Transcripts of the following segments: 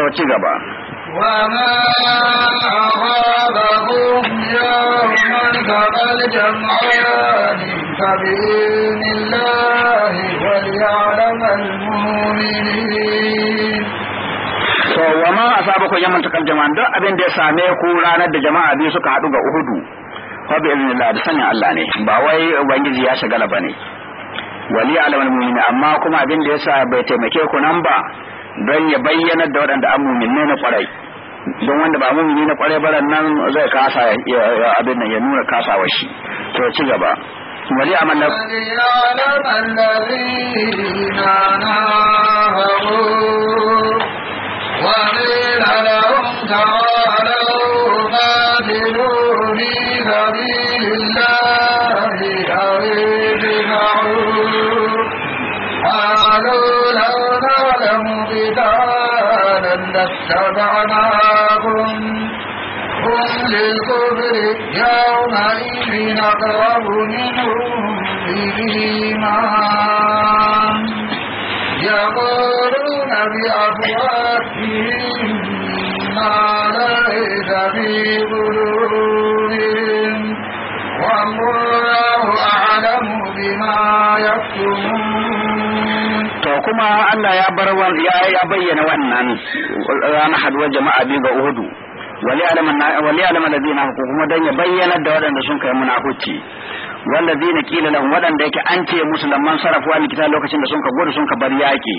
ta ci gaba وما wa ma asaba ku yamman takal jama'an duk abin da ya same ku ranar da jama'a biyu suka haɗu ga Uhudu fa bi iznillah da sanin Allah ne ba wai ubangiji ya shagala bane wali alamal mu'min amma kuma abin da ya sa bai taimake ku nan ba don ya bayyana da waɗanda an muminai na kwarai don wanda ba mumini na kwarai ba nan zai kasa abin nan ya nuna kasa wa shi to ci gaba wani a na لاتبعناهم هم للكفر يومئذ أقرب منهم للإيمان يقولون بأفواههم ما ليس في قلوبهم والله أعلم بما يكتمون kuma Allah ya bar ya bayyana wannan ranar haduwar jama'a biyu ga Uhudu wali alama da zina ko kuma dan ya bayyana da waɗanda sun kai munafuci wanda zina kila lahum waɗanda yake an ce musulman lamman sarafuwa ne lokacin da sun ka gudu sun ka bar yaƙi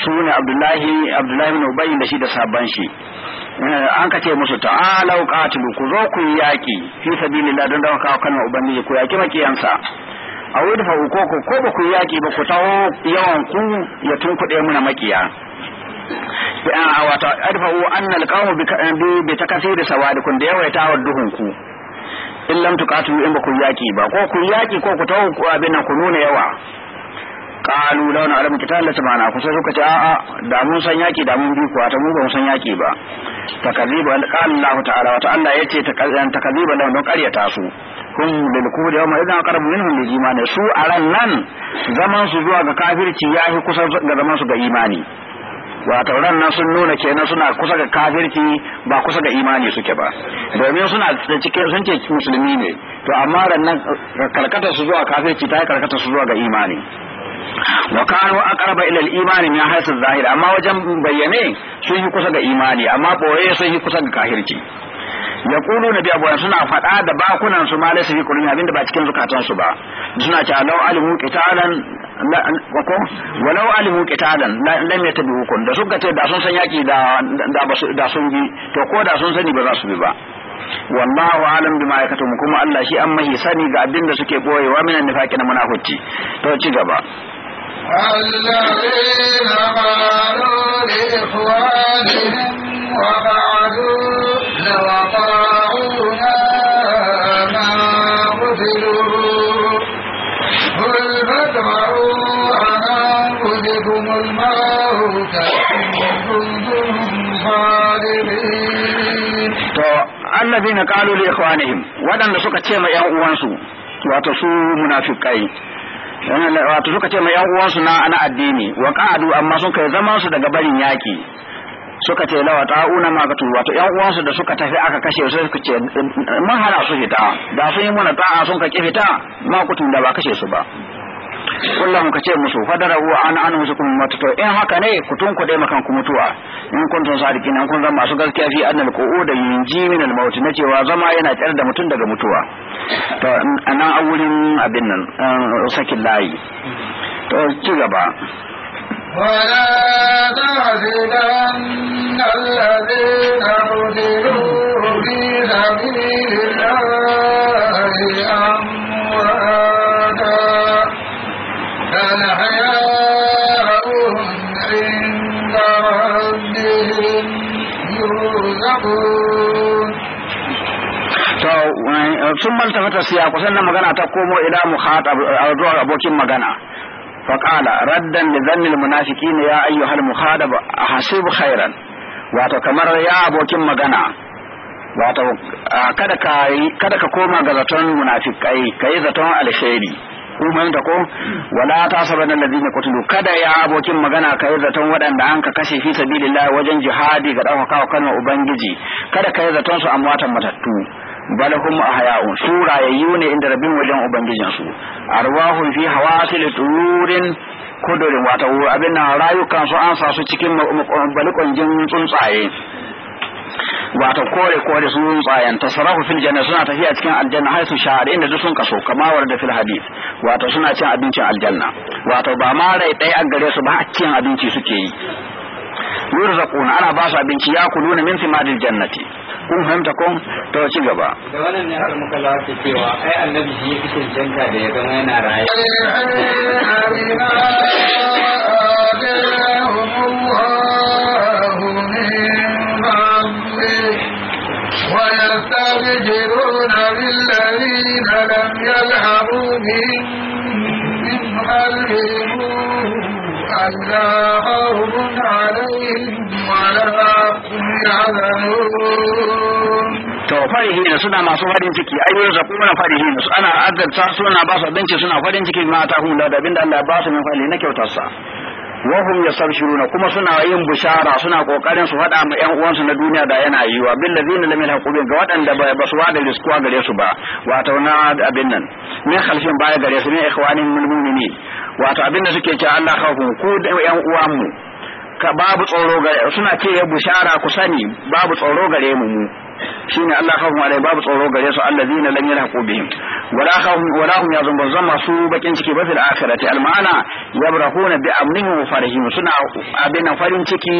su ne abdullahi abdullahi ibn ubayyin da shi da sabban shi eh, an ka ce musu ta'alu qatilu ku zo ku yi yaƙi fi sabilillah don da kawo kan ubanni ku yaki makiyansa a wadda fa ko ku ko ba ku yaki ba ku taho yawan ku ya tunkuɗe muna makiya wato adfa'u anna alqawmu bi ta sawadikum da ta wa duhun ku in lam tuqatu in ba ku yaki ba ko ku yaki ko ku taho ku abin ku nuna yawa qalu law na alamu kitan la tabana ku sai suka ce a'a da mun san yaki da mun bi ku ta mun ba mun san yaki ba takazziba qala Allah ta'ala wa ta'ala yace takazziba law don ƙaryata su Kun hum da kufri yawma idan aqrabu minhum lil imani su a ran nan zaman su zuwa ga kafirci yahi kusa ga zaman su ga imani wato ran nan sun nuna kenan suna kusa ga kafirci ba kusa ga imani suke ba domin suna da cikin sun ce musulmi ne to amma ran nan karkata su zuwa kafirci ta karkata su zuwa ga imani wa kanu aqraba ila al-iman min haythu zahir amma wajen bayyane sun yi kusa ga imani amma boye sun yi kusa ga kafirci Kulu na biya buwan suna faɗa da bakunan su malai su fi qulubihim abinda ba cikin zukatan su ba suna ce law alimu qitalan walau alimu lam da suka ce da sun san yaki da sun bi to ko da sun sani ba za su bi ba wallahu alam bima mu kuma Allah shi an mahi sani ga abinda suke koyewa minan nifaqi na munafici to ci gaba الذين قالوا لإخوانهم وقعدوا ما قتلوا قل كنتم صادقين. الذين قالوا لإخوانهم ودن سكت يا أخوانسو واتسو منافقين wato suka ce mai yan uwansu na ana addini wa qa'adu amma sun kai zaman su daga barin yaki suka ce lawa ta'una ma katu wato yan uwansu da suka tafi aka kashe su suka ce mun hana su fita da sun yi mana ta'a sun ka fita ma kutu da ba kashe su ba kullum ka ce musu fadara wa an an musu kuma matuto in haka ne ku tun ku dai makan ku mutuwa in kuntum sadiqin in kun zama masu gaskiya fi annal qu'u da yunji min al maut na cewa zama yana tsare da mutum daga mutuwa to a nan a wurin abin nan sakin layi to ci gaba ولا تحسبن الذين قتلوا في سبيل الله أمواتا بل حياء عند ربهم يرزقون Eh, sun malta fata siya kusan na magana ta komo ila muhatab zuwa eh, abokin magana qala raddan da zannin munafiki ne ya ayyuhal muhadab a hasib khairan wato kamar ya abokin magana wato eh, kada ka kada ka koma ga zaton munafikai kai zaton alheri kuma ta ko wala ta saban alladhina qutilu kada ya abokin magana kai zaton waɗanda an ka kashe fi sabilillah wajen jihadi ga dauka kalmar ubangiji kada kai zaton su amwatan matattu balahum ahya'un su rayayyu ne inda rabin wajen ubangijinsu arwahun fi hawasil tururin kudurin wata abin nan rayukan su an sa su cikin balikon jin tsuntsaye Wata kore kore su tsayan tasarrafu fil janna suna tafiya cikin aljanna har su shahada inda duk sun kaso kama warda fil hadith Wata suna cin abincin aljanna Wata ba ma rai dai an gare su ba a cin abinci suke yi yurzaquna ana ba su abinci ya kuluna min simadil jannati kun fahimta ko to ci gaba da wannan ne har muka cewa ai annabi shi yake cancanta da ya zama yana raye ألا خوف عليهم to farihi ne suna masu farin ciki ai yau zaku mana farihi ne ana addanta suna ba su abinci suna farin ciki ma ta hula da abinda Allah ba su min fali na kyautarsa wahum yasabshiruna kuma suna yin bushara suna kokarin su faɗa ma ƴan uwansu na duniya da yana yiwa bil ladina lam yahqubin ga waɗanda ba su wada riskuwa gare su ba wato na abin nan min khalfin baya gare su ne ikhwanin mu'minin wato abin da suke cewa Allah khawfun ku da ƴan uwanmu babu tsoro gare suna ce ya bushara ku sani babu tsoro gare mu mu shine Allah khawfun alai babu tsoro gare su allazina lam yalhaqu bihim wala hum wala hum yazun bazan masu bakin ciki ba fil akhirati al ma'ana yabrahuna bi amnihim wa farihim suna abin farin ciki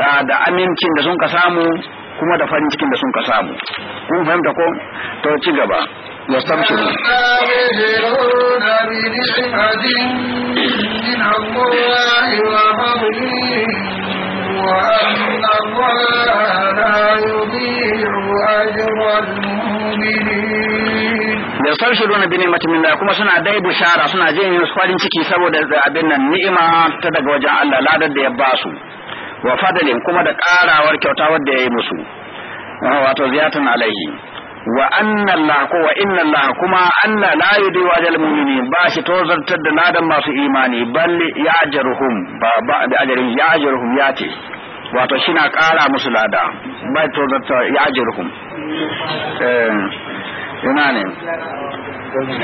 ah, da amincin da sun ka samu kuma da farin cikin da sun ka samu kun fahimta ko to ci gaba واستبشروا من الله وفضل وأن الله لا يضيع أجر min kuma suna dai bushara suna jin farin ciki saboda abin nan ni'ima ta daga wajen Allah ladar da ya ba su wa fadalin kuma da karawar kyauta da ya yi musu wato ziyatan alaihi wa anna Allah ko wa inna Allah kuma anna la yudi wa ajal mu'minin ba shi tozartar da nadan masu imani bal ya ajruhum ba ba da ajarin ya ajruhum ya ce wato shi na kara musu lada ba tozartar ya ajruhum eh ina ne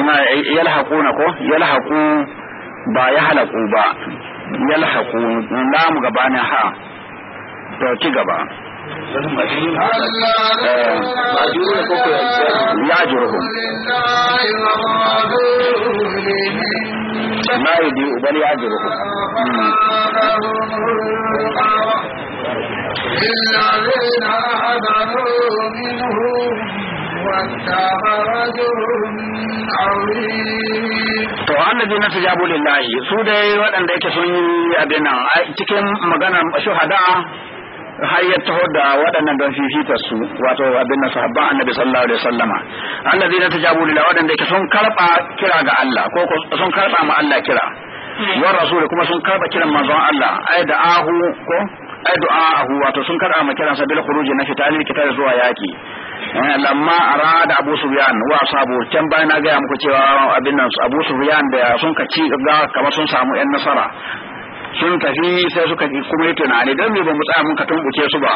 ina yalhaquna ko yalhaqu ba ya halaku ba yalhaqu lamu gabanin ha to ci gaba majurun ko ko ya juruhum ya to annabi na tajabu lillahi su dai waɗanda yake sun yi abin nan cikin magana shuhada har ya taho da waɗannan don fifita su wato abin nan sahabban annabi sallallahu alaihi wasallama allazi na tajabu lillah waɗanda ke sun karba kira ga Allah ko sun karba ma Allah kira wa rasul kuma sun karba kiran manzon Allah ai da ahu ko ai du'ahu wato sun karba ma kiran bil khuruji na fitali kita zuwa yaki eh, lamma arada abu sufyan wa sabu can bayan na gaya muku cewa abin nan abu sufyan da sun kaci ga kamar sun samu yan nasara sun tafi sai suka kuma yi tunani don ne ba mu tsaya mun ka su ba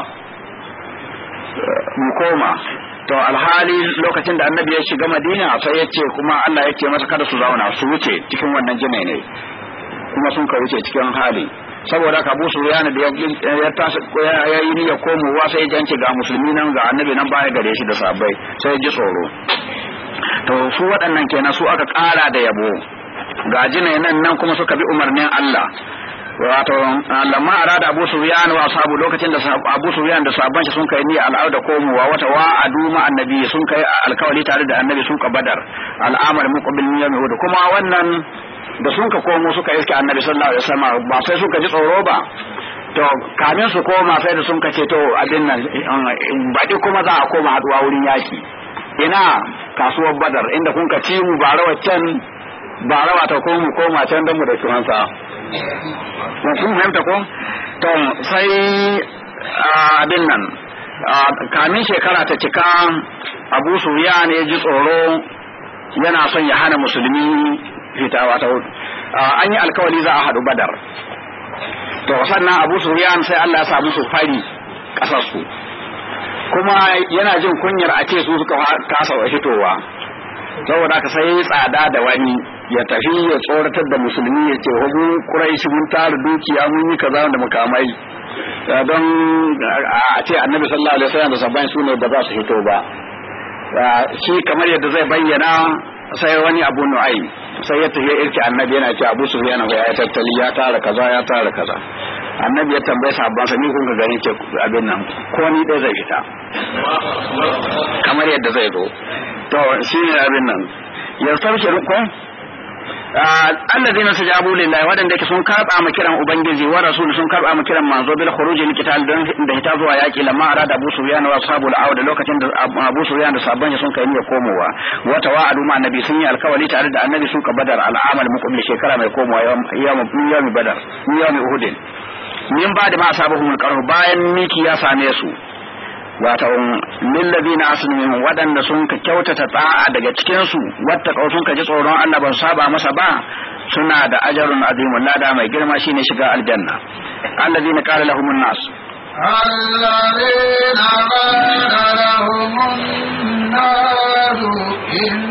mu koma to alhali lokacin da annabi ya shiga madina sai ya ce kuma Allah ya ce masa kada su zauna su wuce cikin wannan jime ne kuma sun ka wuce cikin hali saboda ka busu yana da ya yi niyyar komowa sai ya ga musulmi nan ga annabi nan baya gare shi da sabai sai ji tsoro to su waɗannan kenan su aka ƙara da yabo ga jinai nan nan kuma suka bi umarnin Allah wato lamma arada abu sufyan wa sabu lokacin da abu sufyan da sabban sun kai ni al'auda komowa wata wa aduma annabi sun kai alkawali tare da annabi sun ka badar al'amar muqbil yawmi hud kuma wannan da sun ka komo suka iske annabi sallallahu alaihi wasallam ba sai suka ji tsoro ba to kamin su koma sai da sun ka ce to abin nan baɗi kuma za a koma haduwa wurin yaki ina kasuwar badar inda kun ka ci mu ba rawa can ba rawa ta komo koma can don mu da kiransa kun fahimta ko to sai abin nan kamin shekara ta cika abu suya ne ji tsoro yana son ya hana musulmi fitawa ta hudu an yi alkawali za a hadu badar to sannan abu suyan sai allah ya sa musu fari ƙasarsu kuma yana jin kunyar a ce su suka kasa wa fitowa. saboda ka sai tsada da wani ya tafi ya tsoratar da musulmi ya ce hudu shi mun tara dukiya mun yi kaza da makamai don a ce annabi sallallahu alaihi wasallam da sabbin da ba za su hito ba shi kamar yadda zai bayyana sai wani abu nu'ai sai ya tafi irki annabi yana ce abu sufyan ya tattali ya tara kaza ya tara kaza annabi ya tambaye sabbin sa ni kun ga gani ce abin nan ko ni dai zai fita kamar yadda zai zo to shi ne abin nan ya sarki rukun Ah, allazina sajabu lillahi wadanda yake sun karba ma kiran ubangiji wa rasul sun karba ma kiran manzo bil khuruj lil qital don da hita zuwa yaki lamma arada abu sufyan wa ashabu al awd lokacin da abu sufyan da sabban sun kai niyyar komowa wa tawa'adu ma annabi sun yi alkawali tare da annabi sun ka badar al amal muqbil shekara mai komowa ya yawm badar yawm uhud min ba da ma asabahum al bayan miki ya same su واتهم للذين عصوا منهم ودن سنك كوتة تطاعة دقى تكنسوا واتقوا سنك جسعوا رون أن نبن صابع سنة دا أجر عظيم لا دام يقرم أشين شقاء الجنة الذين قال لهم الناس الذين قال لهم الناس إن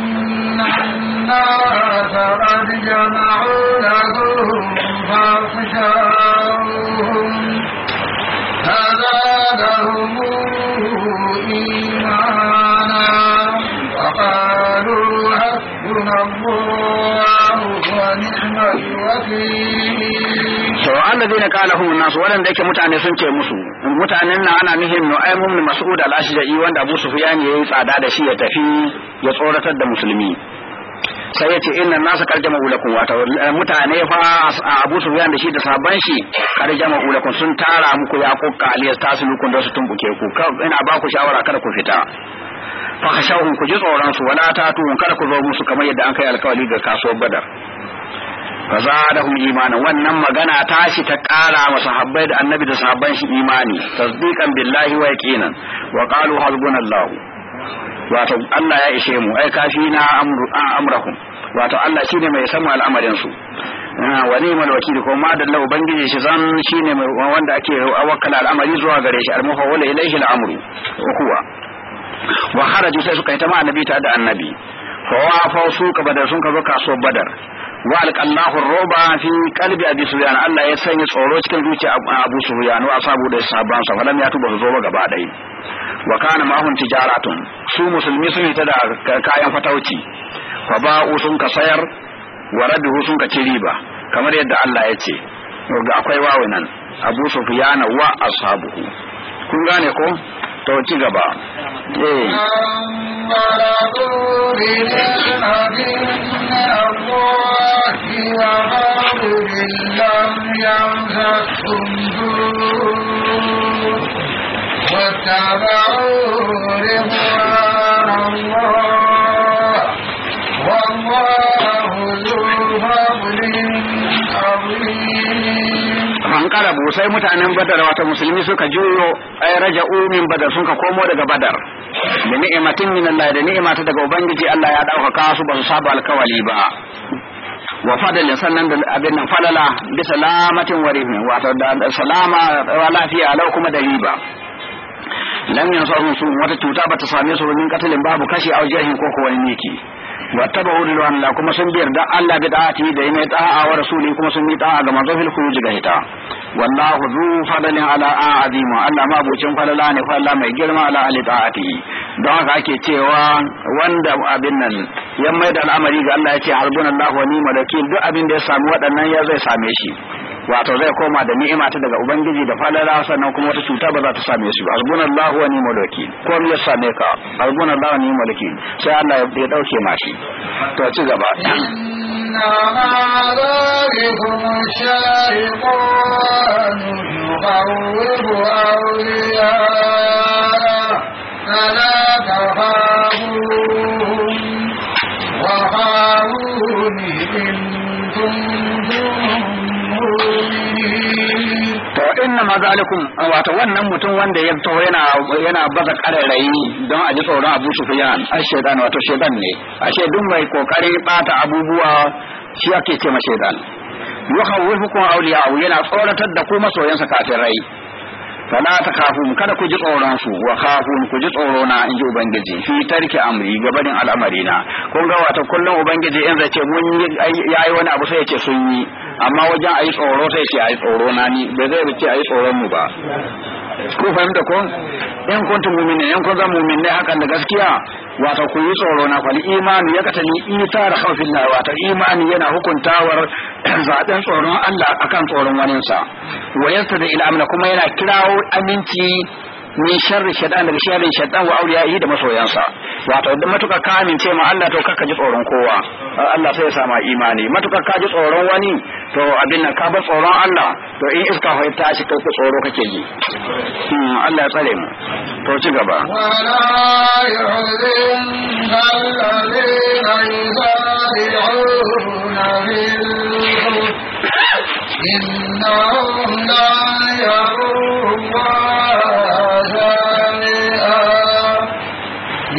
الناس قد جمعوا لهم فاخشاهم فزادهم إيمانا وقالوا حسبنا الله ونعم الوكيل zai na wadanda yake mutane sun ce musu mutanen nan ana nihin nu'aym da mas'ud al-ashja'i wanda Abu Sufyan yayi tsada da shi ya tafi ya tsoratar da musulmi sai ya ce inna nasa kar jama'u wata mutane fa a Abu su da shi da sabon shi kar jama'u sun tara muku ya kaliyar tasu tasulukum da su tumbuke ku ina ba ku shawara kada ku fita fa khashawhum ku ji tsoron su wala tuhun kada ku zo musu kamar yadda an kai alkawali ga kasuwar Badar fa zadahum imanin wannan magana tashi ta kara wa sahabbai da annabi da sabon shi imani tasdiqan billahi wa yaqinan wa qalu hasbunallahu wato Allah ya ishe mu ai kafi na amrahum wato Allah shine mai samu al'amarin su wa ni'mal wakil ko ma da lau ubangiji shi zan shine mai wanda ake awakkala al'amari zuwa gare shi al-mufawwal ilayhi al-amru huwa wa kharaju sai suka yi ta ma annabi ta da annabi fa wa fa su ka badar sun ka zo kaso badar wa alqallahu roba fi qalbi abi sufyan Allah ya sanya tsoro cikin zuciya abu sufyan wa asabu da sahabban sa ya tuba zo gaba dai wa kana mahun tijaratun su musulmi sun ta da kayan fatauci fa ba usun ka sayar wa radu sun ka ci riba kamar yadda Allah ya ce ga akwai nan abu sufyan wa ashabu kun gane ko to ci gaba واتبعوا رضوان الله والله qalabu sai mutanen badar wata musulmi suka juyo ay raja'u min badar sun komo daga badar da ni'imatin min Allah da ni'ima ta daga ubangiji Allah ya dauka kasu ba su saba alkawali ba wa fadalin sannan da abin nan falala bi salamatin wa rifin wato da salama wa lafiya lau kuma da riba lam yansu su wata cuta ba ta same su min katalin babu kashi a wajen ko ko wani miki wa tabu lil wahla kuma sun biyar da Allah bi ta'ati da yana ta'a wa rasuli kuma sun yi ta'a ga manzo fil ga ita wallahu zu fadlin ala azima Allah ma bucin falala ne falala mai girma ala ali ta'ati don haka ake cewa wanda abin nan ya mai da al'amari ga Allah ya ce harbunallahu wa ma wakil duk abin da ya sami waɗannan ya zai same shi wato zai koma da ni'ima ta daga ubangiji da falala sannan kuma wata cuta ba za ta same shi ba hasbunallahu wa ni'mal wakil ko ya same ka hasbunallahu wa ni'mal wakil sai Allah ya dauke mashi to ci gaba فلا تخاف inna ma zalikum wato wannan mutum wanda ya to yana yana baza kararrayi don a ji tsoron Abu Sufyan ai wato shaytan ne ashe duk mai kokari bata abubuwa shi ake ce ma shaytan yukhawwifukum au yana tsoratar da ku masoyansa kafirai fala ta kafun kada ku ji tsoron su wa kafun ku ji tsoro na in ji ubangiji fi tarki amri gabanin al'amari na kun ga wata kullum ubangiji in zai ce mun yayi wani abu sai ya ce sun yi amma wajen a yi tsoro sai ce a yi tsoro na ni bai zai ce a yi tsoron mu ba ku fahimta ko in kun tun mumin in kun zama mumin hakan da gaskiya wato ku yi tsoro na kwali imani ya katani isa da haufin na wato imani yana hukuntawar zaɓen tsoron allah akan tsoron waninsa wayarsa da ila kuma yana kirawo aminci min sharri shaitan daga sharrin shaitan wa yi da masoyansa wato da matuka ka amince ma Allah to kaka ji tsoron kowa Allah sai ya sama imani Matuka ka ji tsoron wani to abin nan ka bar tsoron Allah to in iska fa ta shi kai tsoro kake ji hmm, Allah ya tsare mu to ci gaba wala yu'zin alladhina yusari'una bil innahum la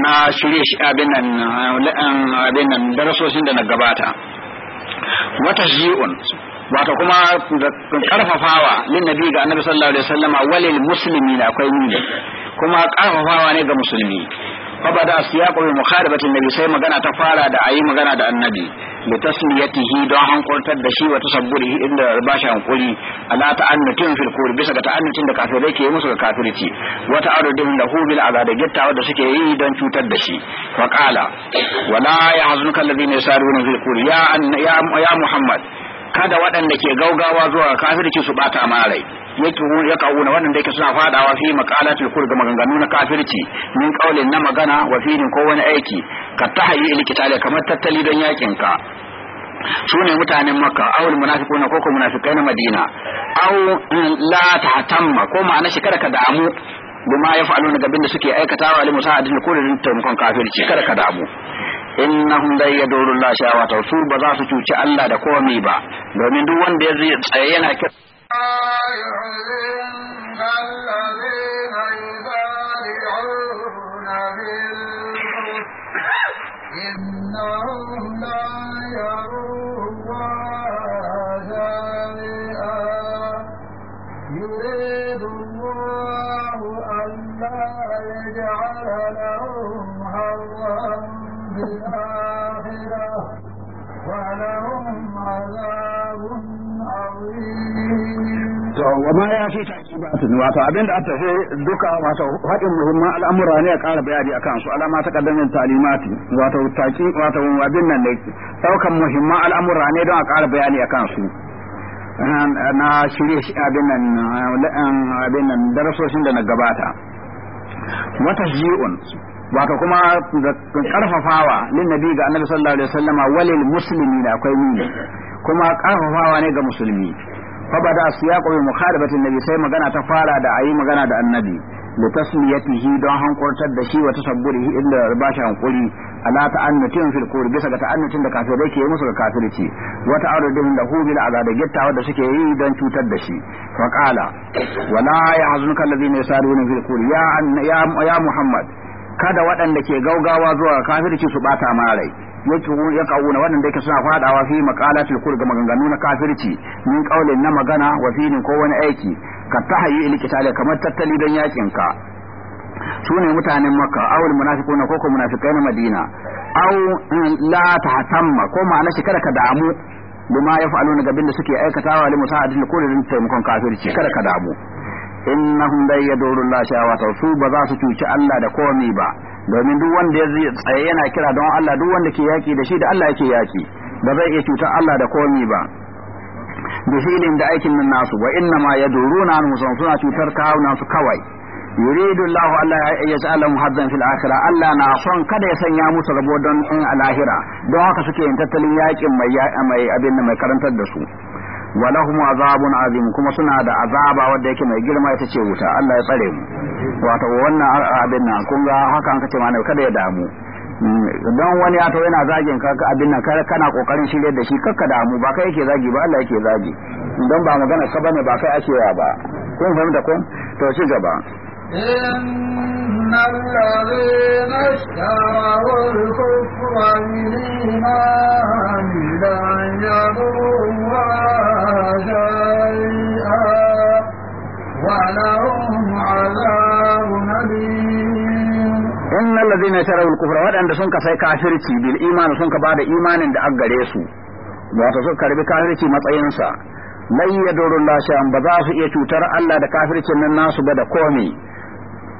na shirye shi abin nan um, abin nan darasoshin da na gabata wata shi'un wato kuma karfafawa lin nabi ga annabi sallallahu alaihi wasallama walil muslimin akwai nuni kuma karfafawa ne ga musulmi فبدا سياق بمخالفة النبي سي مغانا تفارا دا اي مغانا دا النبي بتسليته دون هنقرتر da shi wa tasabburihi inda ba shi hankuri ala ta'annutin fil bisa ga ta'annutin da kafirai ke musu ga kafirci wa ta'arudin lahu bil azab gittawa da suke yi don cutar da shi wa qala wala yahzunka alladhina yasaruna fil kufr ya ya Muhammad kada waɗanda ke gaugawa zuwa kafirci su bata ma rai yake ya kauna wannan da yake suna fadawa fi maqalatul kufr ga maganganu na kafirci min qaulin na magana wa fi'lin ko wani aiki ka tahayyi ilkitale kamar tattali dan yakin ka su ne mutanen makka awul munafiquna ko ko munafiqai na madina aw mm, la tahtamma ko ma'ana shi kada ka damu fa'alu daga gabin da suke aikata al musa'adin ko da taimakon kafirci kada ka damu innahum la yadurru shawata su ba za su cuci Allah da komai ba domin duk wanda ya tsaye yana kira يحزنك الذين يسارعون بالكفر إنهم لا يرون الله يريد الله ألا يجعل لهم حظا بالآخرة ولهم عذاب to wa ma ya fi ta'qibatun wato abinda aka tafi duka wato hadin muhimman al'amura ne ya ƙara bayani akan su alama ta kaddamin talimati wato taqi wato abin nan ne daukan muhimman al'amura ne don a ƙara bayani akan su na shirye shi abin nan abin nan darasoshin da na gabata wata ji'un wato kuma da karfafawa lin nabi ga annabi sallallahu alaihi wasallama walil da akwai nuni kuma ƙarfafawa ne ga musulmi fa bada siyaqu bi mukharibatin nabi sai magana ta fara da ayi magana da annabi da tasmiyatihi don hankurtar da shi wa tasabburihi inda ba hankuri ala ta'annatin fil qur bisa ga ta'annatin da kafirai ke musu ga kafirci wa ta'arudin hu bil azab gittawa da suke yi don cutar da shi fa qala wala yahzunka alladhina yasaruna fil qur ya ya muhammad kada waɗanda ke gaugawa zuwa kafirci su bata ma rai kawo na wannan da yake suna fadawa fi maqalatil kul ga maganganu na kafirci min qaulin na magana wa filin ko wani aiki ka ilki ilkitale kamar tattali dan yakin ka sune mutanen makka awul munafiquna ko ko munafiqai na madina aw eh, la tahtamma ko ma'ana shi kada ka damu bima ya fa'aluna gabin da suke aikatawa li musa'adin din taimakon kafirci kada ka damu innahum la yadurru la shawata su ba za su cuci Allah da komi ba domin duk wanda ya tsaye yana kira don Allah duk wanda ke yaki da shi da Allah yake yaki ba zai iya cutar Allah da komi ba bi filin da aikin nan nasu wa inna ma yaduruna an musan suna cutar kawunan su kawai yuridu Allah Allah ya ja'ala muhaddan fil akhirah Allah na son kada ya sanya musu rabo don in alahira don haka suke yin tattalin yakin mai mai abin mai karantar da su walahum azabun azim kuma suna da azaba wanda yake mai girma ita ce wuta Allah ya tsare mu wato wannan abin nan kun ga haka an kace mana kada ya damu mm, don wani ya to yana zagin ka abin nan kana kokarin shirye da shi kakka damu ba kai yake zagi ba Allah yake zagi don ba magana ka bane ba kai ake ba kun fahimta kun to shi gaba In na lallai na sha wa shari'a wadda wawan azabu na biyu. In na sun kasai kafirki imanin da imanin da agare su. Masasu karbe kafirki matsayin sa laifin dodo da ba za su iya cutar Allah da kafirci na su ga da komai.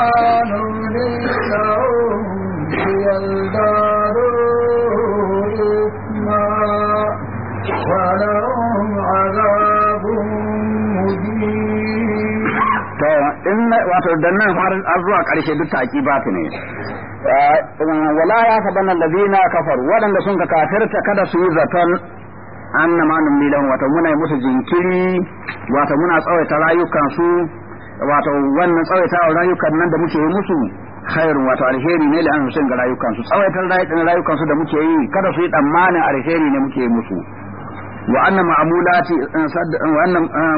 كانوا wato da nan har an zuwa ƙarshe duk taki ba ne wala ya saban allazina kafar waɗanda sun ka kafirta kada su yi zaton annama numli milan wata muna musu jinkiri wata muna tsawaita rayukan su wato wannan tsawaitawa rayukan nan da muke yi musu khairun wato alheri ne an anfusihim ga rayukan su tsawaitar rayukan su da muke yi kada su yi tsammanin alheri ne muke yi musu wa annam ma'amulati eh, eh, wa anna eh,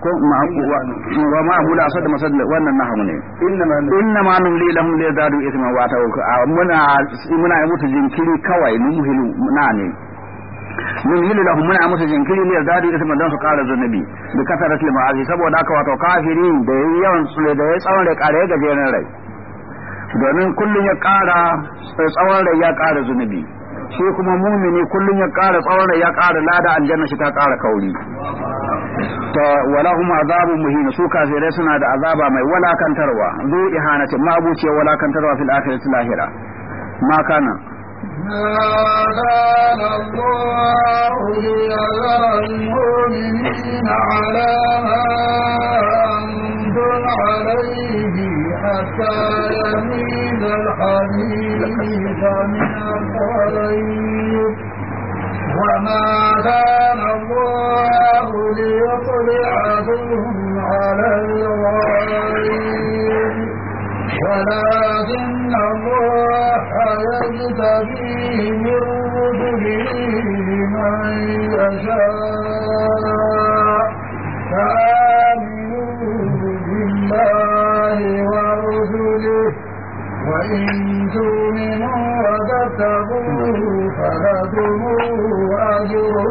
wa ma'amula asad masad wannan nahamu ne inna ma annam lilam lidadu yadadu ithma wa ta'u muna muna mutu jinkiri kawai mu muhilu na ne min hilu lahum muna musu jinkiri ne yarda da isma dan su kara zunubi bi kasarat al ma'asi saboda haka wato kafiri da yayi yawan sule da yayi tsawon rai kare gajeren rai domin kullun ya kara tsawon rai ya kara zunubi shi kuma mumini kullun ya kara tsawon rai ya kara lada aljanna shi ta kara kauri ta walahum azabu muhin su kafirai suna da azaba mai walakantarwa zu ihanati ma buce walakantarwa fil akhirati lahira ma kana ما كان الله ليذر على ما عليه حتى يميز الحديث من الطريق وما كان الله لِيُطْلِعَهُمْ على الغيب ولكن الله يجتبي من رسله من يشاء فآمنوا بالله ورسله وإن تؤمنوا وتتقوا فلكم أجر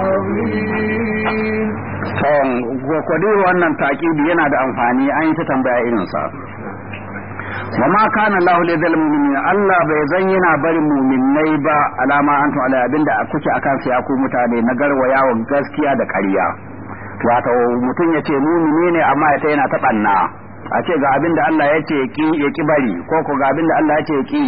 عظيم. Gwakwade wannan takibi yana da amfani an yi ta tambaya irinsa. wa ma kana Allahu li zal mu'minin Allah bai zan yana barin mu'minai ba alama antum ala abinda kuke akan sai ku mutane na garwaya wa gaskiya da ƙarya wato mutum ya ce mu'mini ne amma ya yana ta banna a ce ga abinda Allah ya ki ya ki bari ko ko ga abinda Allah ya ki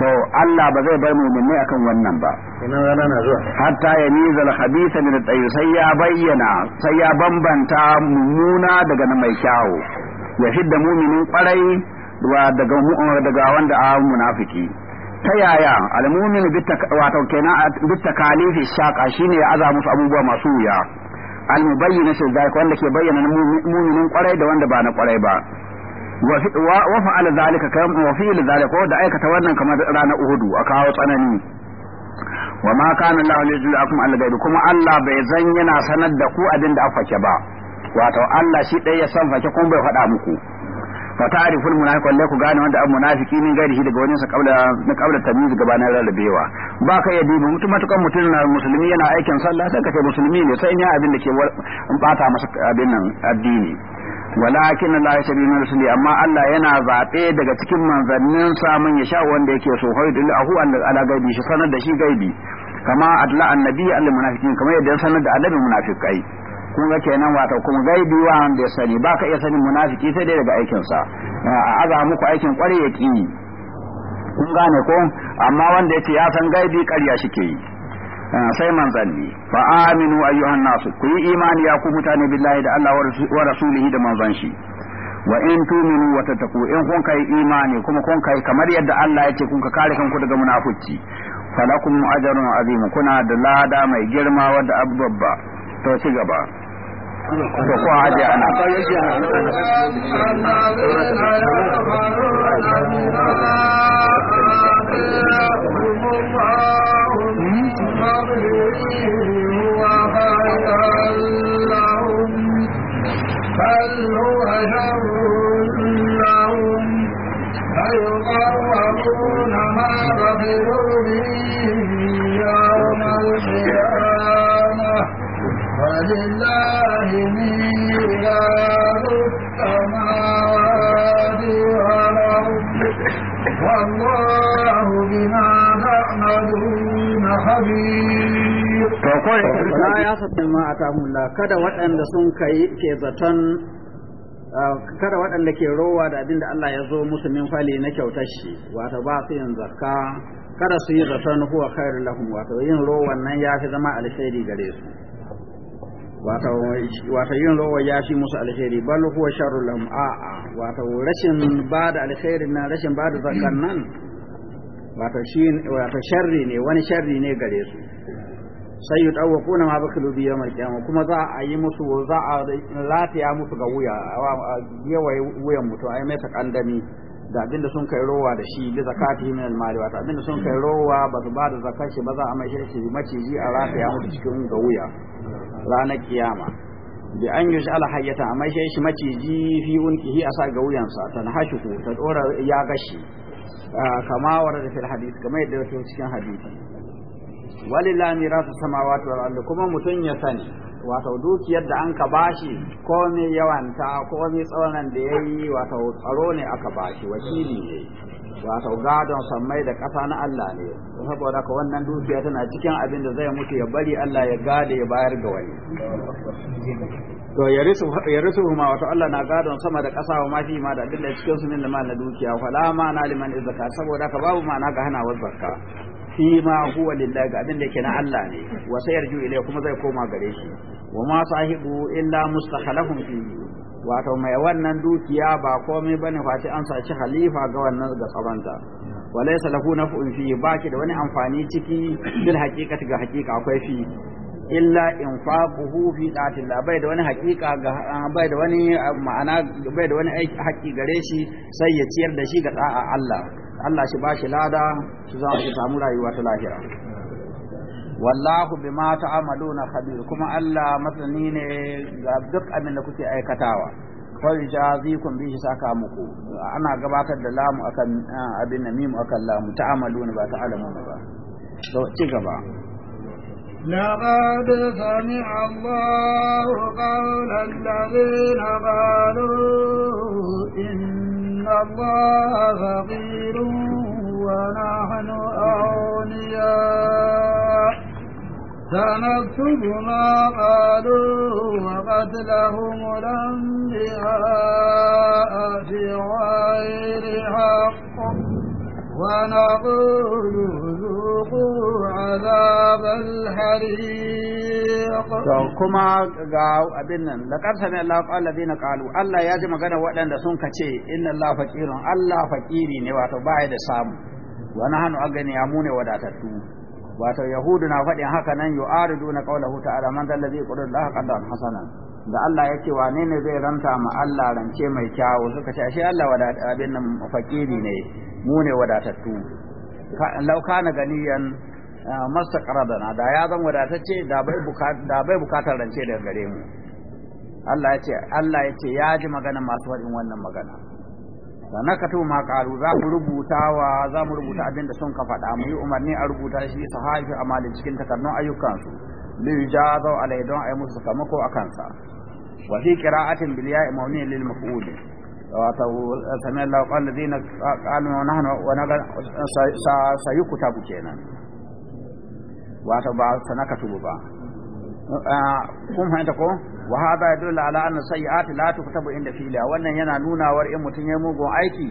to Allah ba zai bar mu'minai akan wannan ba ina rana na zuwa hatta ya niza al khabitha min at sai ya bayyana sai ya bambanta mummuna daga na mai kyawu ya hidda muminin kwarai daga uh, daga wanda a munafiki ta yaya almumin wato kenan kalifi shaka shine ya aza musu abubuwa masu wuya almubayyana shi zalika wanda ke bayyana muminin kwarai da wanda ba na kwarai ba wa fa'ala zalika kam wa fi'l zalika da aikata wannan kamar ranar uhudu a kawo tsanani wa ma kana Allah liyuzlakum al-ghaib kuma Allah bai zan yana sanar da ku abin da afake ba wato Allah shi ɗaya ya san fake kun bai faɗa muku fa ta'riful munafiqun la ku gane wanda an munafiki min shi daga wani sa kabla na kabla tamyiz gabanin rabewa ba ka iya dubi mutum matukan mutum na musulmi yana aikin sallah sai ka ce musulmi ne sai ya abin da ke bata masa abin nan addini walakin Allah ya min rusuli amma Allah yana zabe daga cikin manzannin samun ya sha wanda yake so hayyul ahu an ala gaibi shi sanar da shi gaibi kama adla annabi al munafiqin kama yadda sanar da annabi munafiqai kun ga kenan wato kuma gaibi wa wanda ya sani ba ka iya sani munafiki sai dai daga aikinsa a aza muku aikin kwarai ya kini kun gane ko amma wanda ya ce ya san gaibi karya shi ke yi sai manzanni fa aminu ayyuhan nasu ku yi imani ya ku mutane billahi da Allah wa rasulihi da manzon shi wa in tuminu wa tattaku in kun kai imani kuma kun kai kamar yadda Allah ya ce kun ka kare kanku daga munafici falakum ajrun azim kuna da lada mai girma wadda abubba to ci gaba to ko aje ana بل هو شر لهم فيقربون ما بخلوا به يوم القيامة ولله ميراث السماوات والأرض والله بما تعملون خبير لا يصد ما أتاهم الله كذا وأن سنك kada waɗanda ke rowa da abin da Allah ya zo musu min fali na kyautar shi wato ba su yin zakka kada su yi zaton huwa khairu lahum wato yin rowan nan ya fi zama alheri gare su wato wato yin rowa ya fi musu alheri bal huwa sharru lahum a a wato rashin ba da alheri na rashin ba da zakan nan wato shi wato sharri ne wani sharri ne gare su sai yi tsawo kuna ma ba kilu ya mai kyamu kuma za a yi musu za a latiya musu ga wuya yawa wuyan mutum yi mai kandami da abin da sun kai rowa da shi bi zakati min al-mali wa abin da sun kai rowa ba su ba da zakar shi ba za a mai shi maciji a rafa ya mutu cikin ga wuya ranar kiyama bi an yush ala hayyata a mai shi maciji fi unkihi a sa ga wuyansa tanhashuhu ta dora ya gashi kama da fil hadith kamar yadda yake cikin hadisi walillahi mirasu samawati wal ardi kuma mutun ya sani wato dukiyar da an ka bashi komai yawanta komai tsoron da ya yi wato tsaro ne aka bashi wakili ne wato gadon sammai da ƙasa na Allah ne saboda ka wannan dukiya tana cikin abin da zai mutu ya bari Allah ya gade ya bayar ga wani to ya risu ma wato Allah na gadon sama da ƙasa wa mafi ma da abin da cikin su min da na dukiya la ma na liman izaka saboda ka babu ma na ga hana wa zakka fi ma huwa lillahi ga abin da yake na Allah ne wa sayarju ilai kuma zai koma gare shi wa ma sahibu illa mustakhalafun fi wato mai wannan dukiya ba komai bane face an saci khalifa ga wannan ga tsabanta walaysa lahu naf'un fi baki da wani amfani ciki bil haqiqati ga haqiqa akwai fi illa infaquhu fi da'atillah bai da wani haqiqa ga bai da wani ma'ana bai da wani aiki haqi gare shi sai ya ciyar da shi ga da'a Allah Allah shi ba shi lada shi za a samu rayuwa ta lahira wallahu bima ta'maluna khabir kuma Allah masani ne ga duk abin da kuke aikatawa kawai jazikum bihi saka muku ana gabatar da lamu akan ah, abin nan mimu akan lamu ta'maluna ba ta'lamuna ba to ci gaba لقد سمع الله قول الذين قالوا إن الله فقير ونحن أغنياء سنكتب ما قالوا وقتلهم الأنبياء في غير حق ونقول ذوقوا عذاب الحريق كما قالوا أبنا لقد سمع الله قال الذين قالوا الله يجب مغانا وقلن دسون شيء إن الله فقير الله فقيري نواتو باعد سامو ونحن أغنيامون ودعتتون wato yahudu na faɗin haka nan aridu na qawlahu ta'ala man zal ladhi qadara Allah qadan hasana da Allah yake wane ne zai ranta ma Allah rance mai kyawu suka ce ashe Allah wada abin nan fakiri ne mu ne wadatattu law kana ganiyan eh, masa qaradana da ya zan wadatacce da bai bukata da bai bukatar rance daga gare mu Allah ya ce Allah ya ce ya ji magana masu faɗin wannan magana wa nakatu ma qalu za mu rubuta wa za mu rubuta abinda sun ka faɗa mu yi umarni a rubuta shi a malin cikin takardun ayyukansu lil jazo alai don ay musu sakamako akan sa wa fi qira'atin bil ya'i mawni lil maf'ul wa ta sami Allah qal ladina qalu wa nahnu wa nagal sayuktabu kenan wa ta ba tubu ba ah, kun fahimta ko wa hada yadullu ala anna sayyi'ati la tuktabu inda fila wannan yana nunawar in mutum ya mugun aiki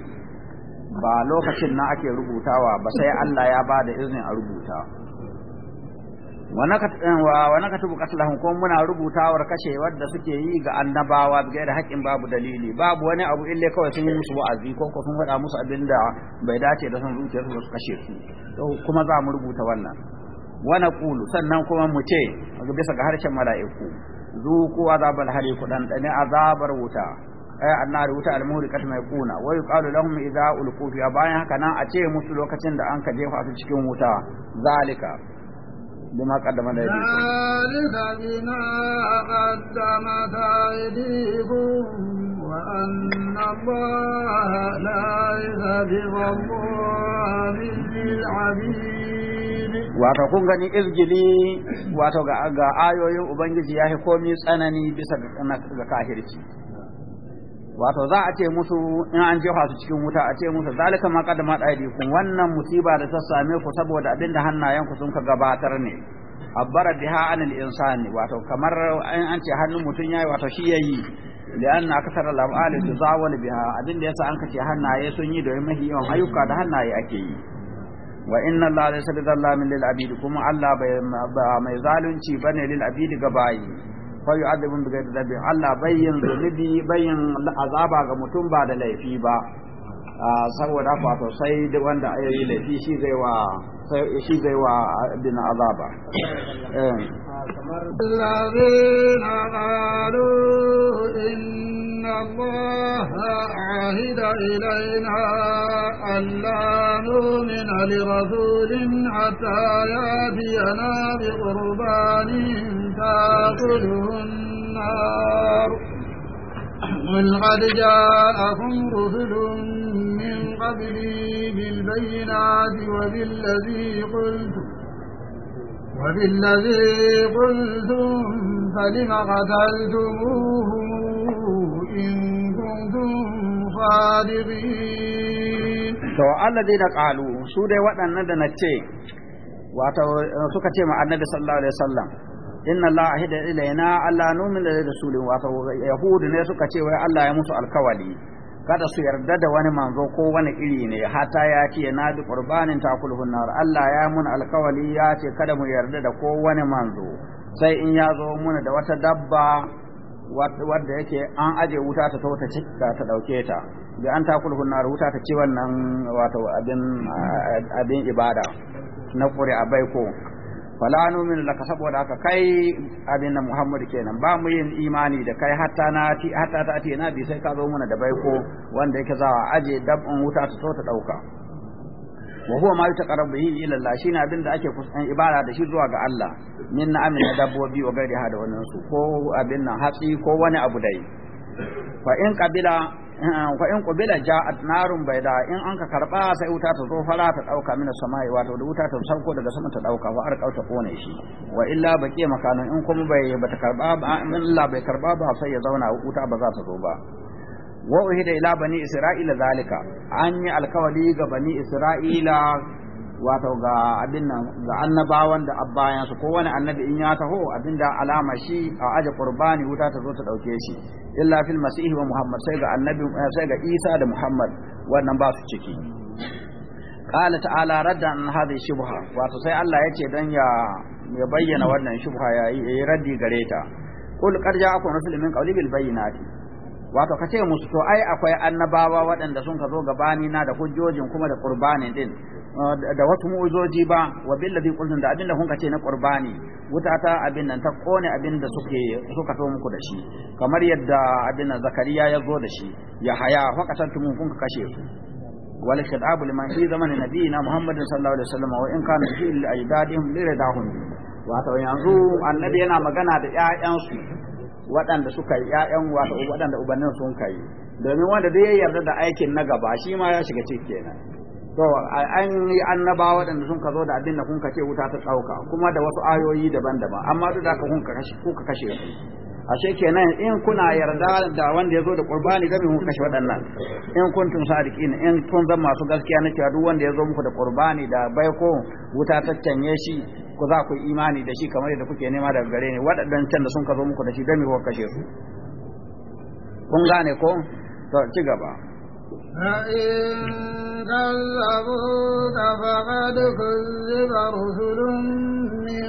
ba lokacin na ake rubutawa ba sai Allah ya bada izinin a rubuta wa na katubu qatlahum kuma muna rubutawar kashe wadda suke yi ga annabawa ga da haƙin babu dalili babu wani abu ille kawai sun yi musu wa'azi ko ko sun faɗa musu abin da bai dace da sun zuciyarsu su kashe su kuma za mu rubuta wannan wa naqulu sannan kuma mu ce bisa ga harshen mala'iku zuku azabal hari ku dan dane azabar wuta ay eh, annar wuta almuhriqat mai kuna wa yuqalu lahum idza ulqu fi bayan haka nan a ce musu lokacin da an ka jefa su cikin wuta zalika bina qaddama da yadi قدمت أيديكم wato kun gani izgili wato ga ayoyin ubangiji ya fi komi tsanani bisa ga kahirci wato za a ce musu in an jefa su cikin wuta a ce musu zalika ma yi ku. wannan musiba da ta same ku saboda abin da ku sun ka gabatar ne abbara biha anil insani wato kamar an ce hannun mutum yayi wato shi yayi lian akthara al su tuzawal biha abinda da yasa an ka hannaye sun yi domin mahi ayyuka da hannaye ake yi wa inna Allah laysa bi lil abid kuma Allah bai mai zalunci bane lil abid ga bayi fa yu'adhibu bi ghairi dhanbin Allah bayyin yin azaba ga mutum ba da laifi ba ah, saboda haka to sai wanda ayi laifi shi zai wa shi zai wa bin azaba الذين قالوا إن الله عهد إلينا ألا نؤمن لرسول حتى يأتينا بقربان تأكله النار قل قد جاءكم رسل من قبلي بالبينات وبالذي قلتم وبالذي قلتم فلم قتلتموهم إن كنتم صادقين to alladhi da qalu su dai waɗannan da nace wato suka ce ma annabi sallallahu inna Allah ahida ilaina Allah numin da rasulin wato yahudu ne suka ce wai Allah ya musu alkawali kada su yarda da wani manzo ko wani iri ne hata ya ce na bi qurbanin takulhun nar Allah ya mun alkawali ya ce kada mu yarda da ko wani manzo sai in ya zo muna da wata dabba wadda yake an aje wuta ta ta cika ta dauke ta bi an takulhun nar wuta ta ci wannan wato abin abin ibada na ƙuri'a baiko fala nu'minu laka saboda haka kai abin nan Muhammad kenan ba mu yin imani da kai hatta na ti hatta ta ti na bi sai ka zo mana da baiko wanda yake zawa a aje dab'in wuta ta so ta dauka wa huwa ma yutaqarrabu bihi ila Allah shine abin da ake kusan ibada da shi zuwa ga Allah min na'amin dabbobi wa gairi ha da wannan su ko abin nan hatsi ko wani abu dai fa in kabila Eh, fa in qubila ja'at narun bayda in an ka karba sai wuta ta zo fara ta dauka mina samai wato da wuta ta sauko daga sama ta dauka fa arqau ta kone shi wa illa baqi makanan in kuma bai bata karba ba in illa bai karba ba sai ya zauna wuta ba za ta zo ba wa uhida ila bani isra'ila zalika an yi alkawali ga bani isra'ila wato ga abin nan ga annabawan da abbayan su wani annabi in ya taho abin da alama shi a aje qurbani wuta ta zo ta dauke shi illa fil masih wa muhammad sai ga annabi eh, sai ga isa da muhammad wannan ba su ciki qala ta'ala radda an hadhihi shubha wato sai Allah yace dan ya ya bayyana wannan shubha yayi raddi gare ta qul qad ja'akum rasulun min qawli bil bayyinati wato ka ce musu to ai akwai annabawa waɗanda sun ka zo gabani na da hujjojin kuma da qurbanin din da wasu mu'uzoji ba wa billazi qultum da abinda kun ce na qurbani wuta ta abin nan ta kone abin da suke suka so muku da shi kamar yadda abin nan zakariya ya zo da shi ya haya fa kasantum kun kashe su wal khidab liman fi zamanin nabiyina muhammad sallallahu alaihi wasallam wa in kana fi al ajdadihim liridahum wato yanzu annabi yana magana da su waɗanda suka yi ƴaƴan wato waɗanda ubannin sun kai domin wanda dai ya yarda da aikin na gaba shi ma ya shiga cikin kenan to an yi annaba waɗanda sun ka zo da abin da kun ce wuta ta tsauka kuma da wasu ayoyi daban-daban amma duk da ka kun ka kashe su ashe kenan in kuna yarda da wanda ya zo da qurbani game mun kashe waɗannan in kun tun sadiqin in kun zan masu gaskiya na cewa duk wanda ya zo muku da qurbani da baiko wuta ta canye shi ku za ku yi imani da shi kamar yadda kuke nema daga gare ni can da sun ka zo muku da shi game mun kashe su kun gane ko to ci gaba فإن كذبوك فقد كذب رسل من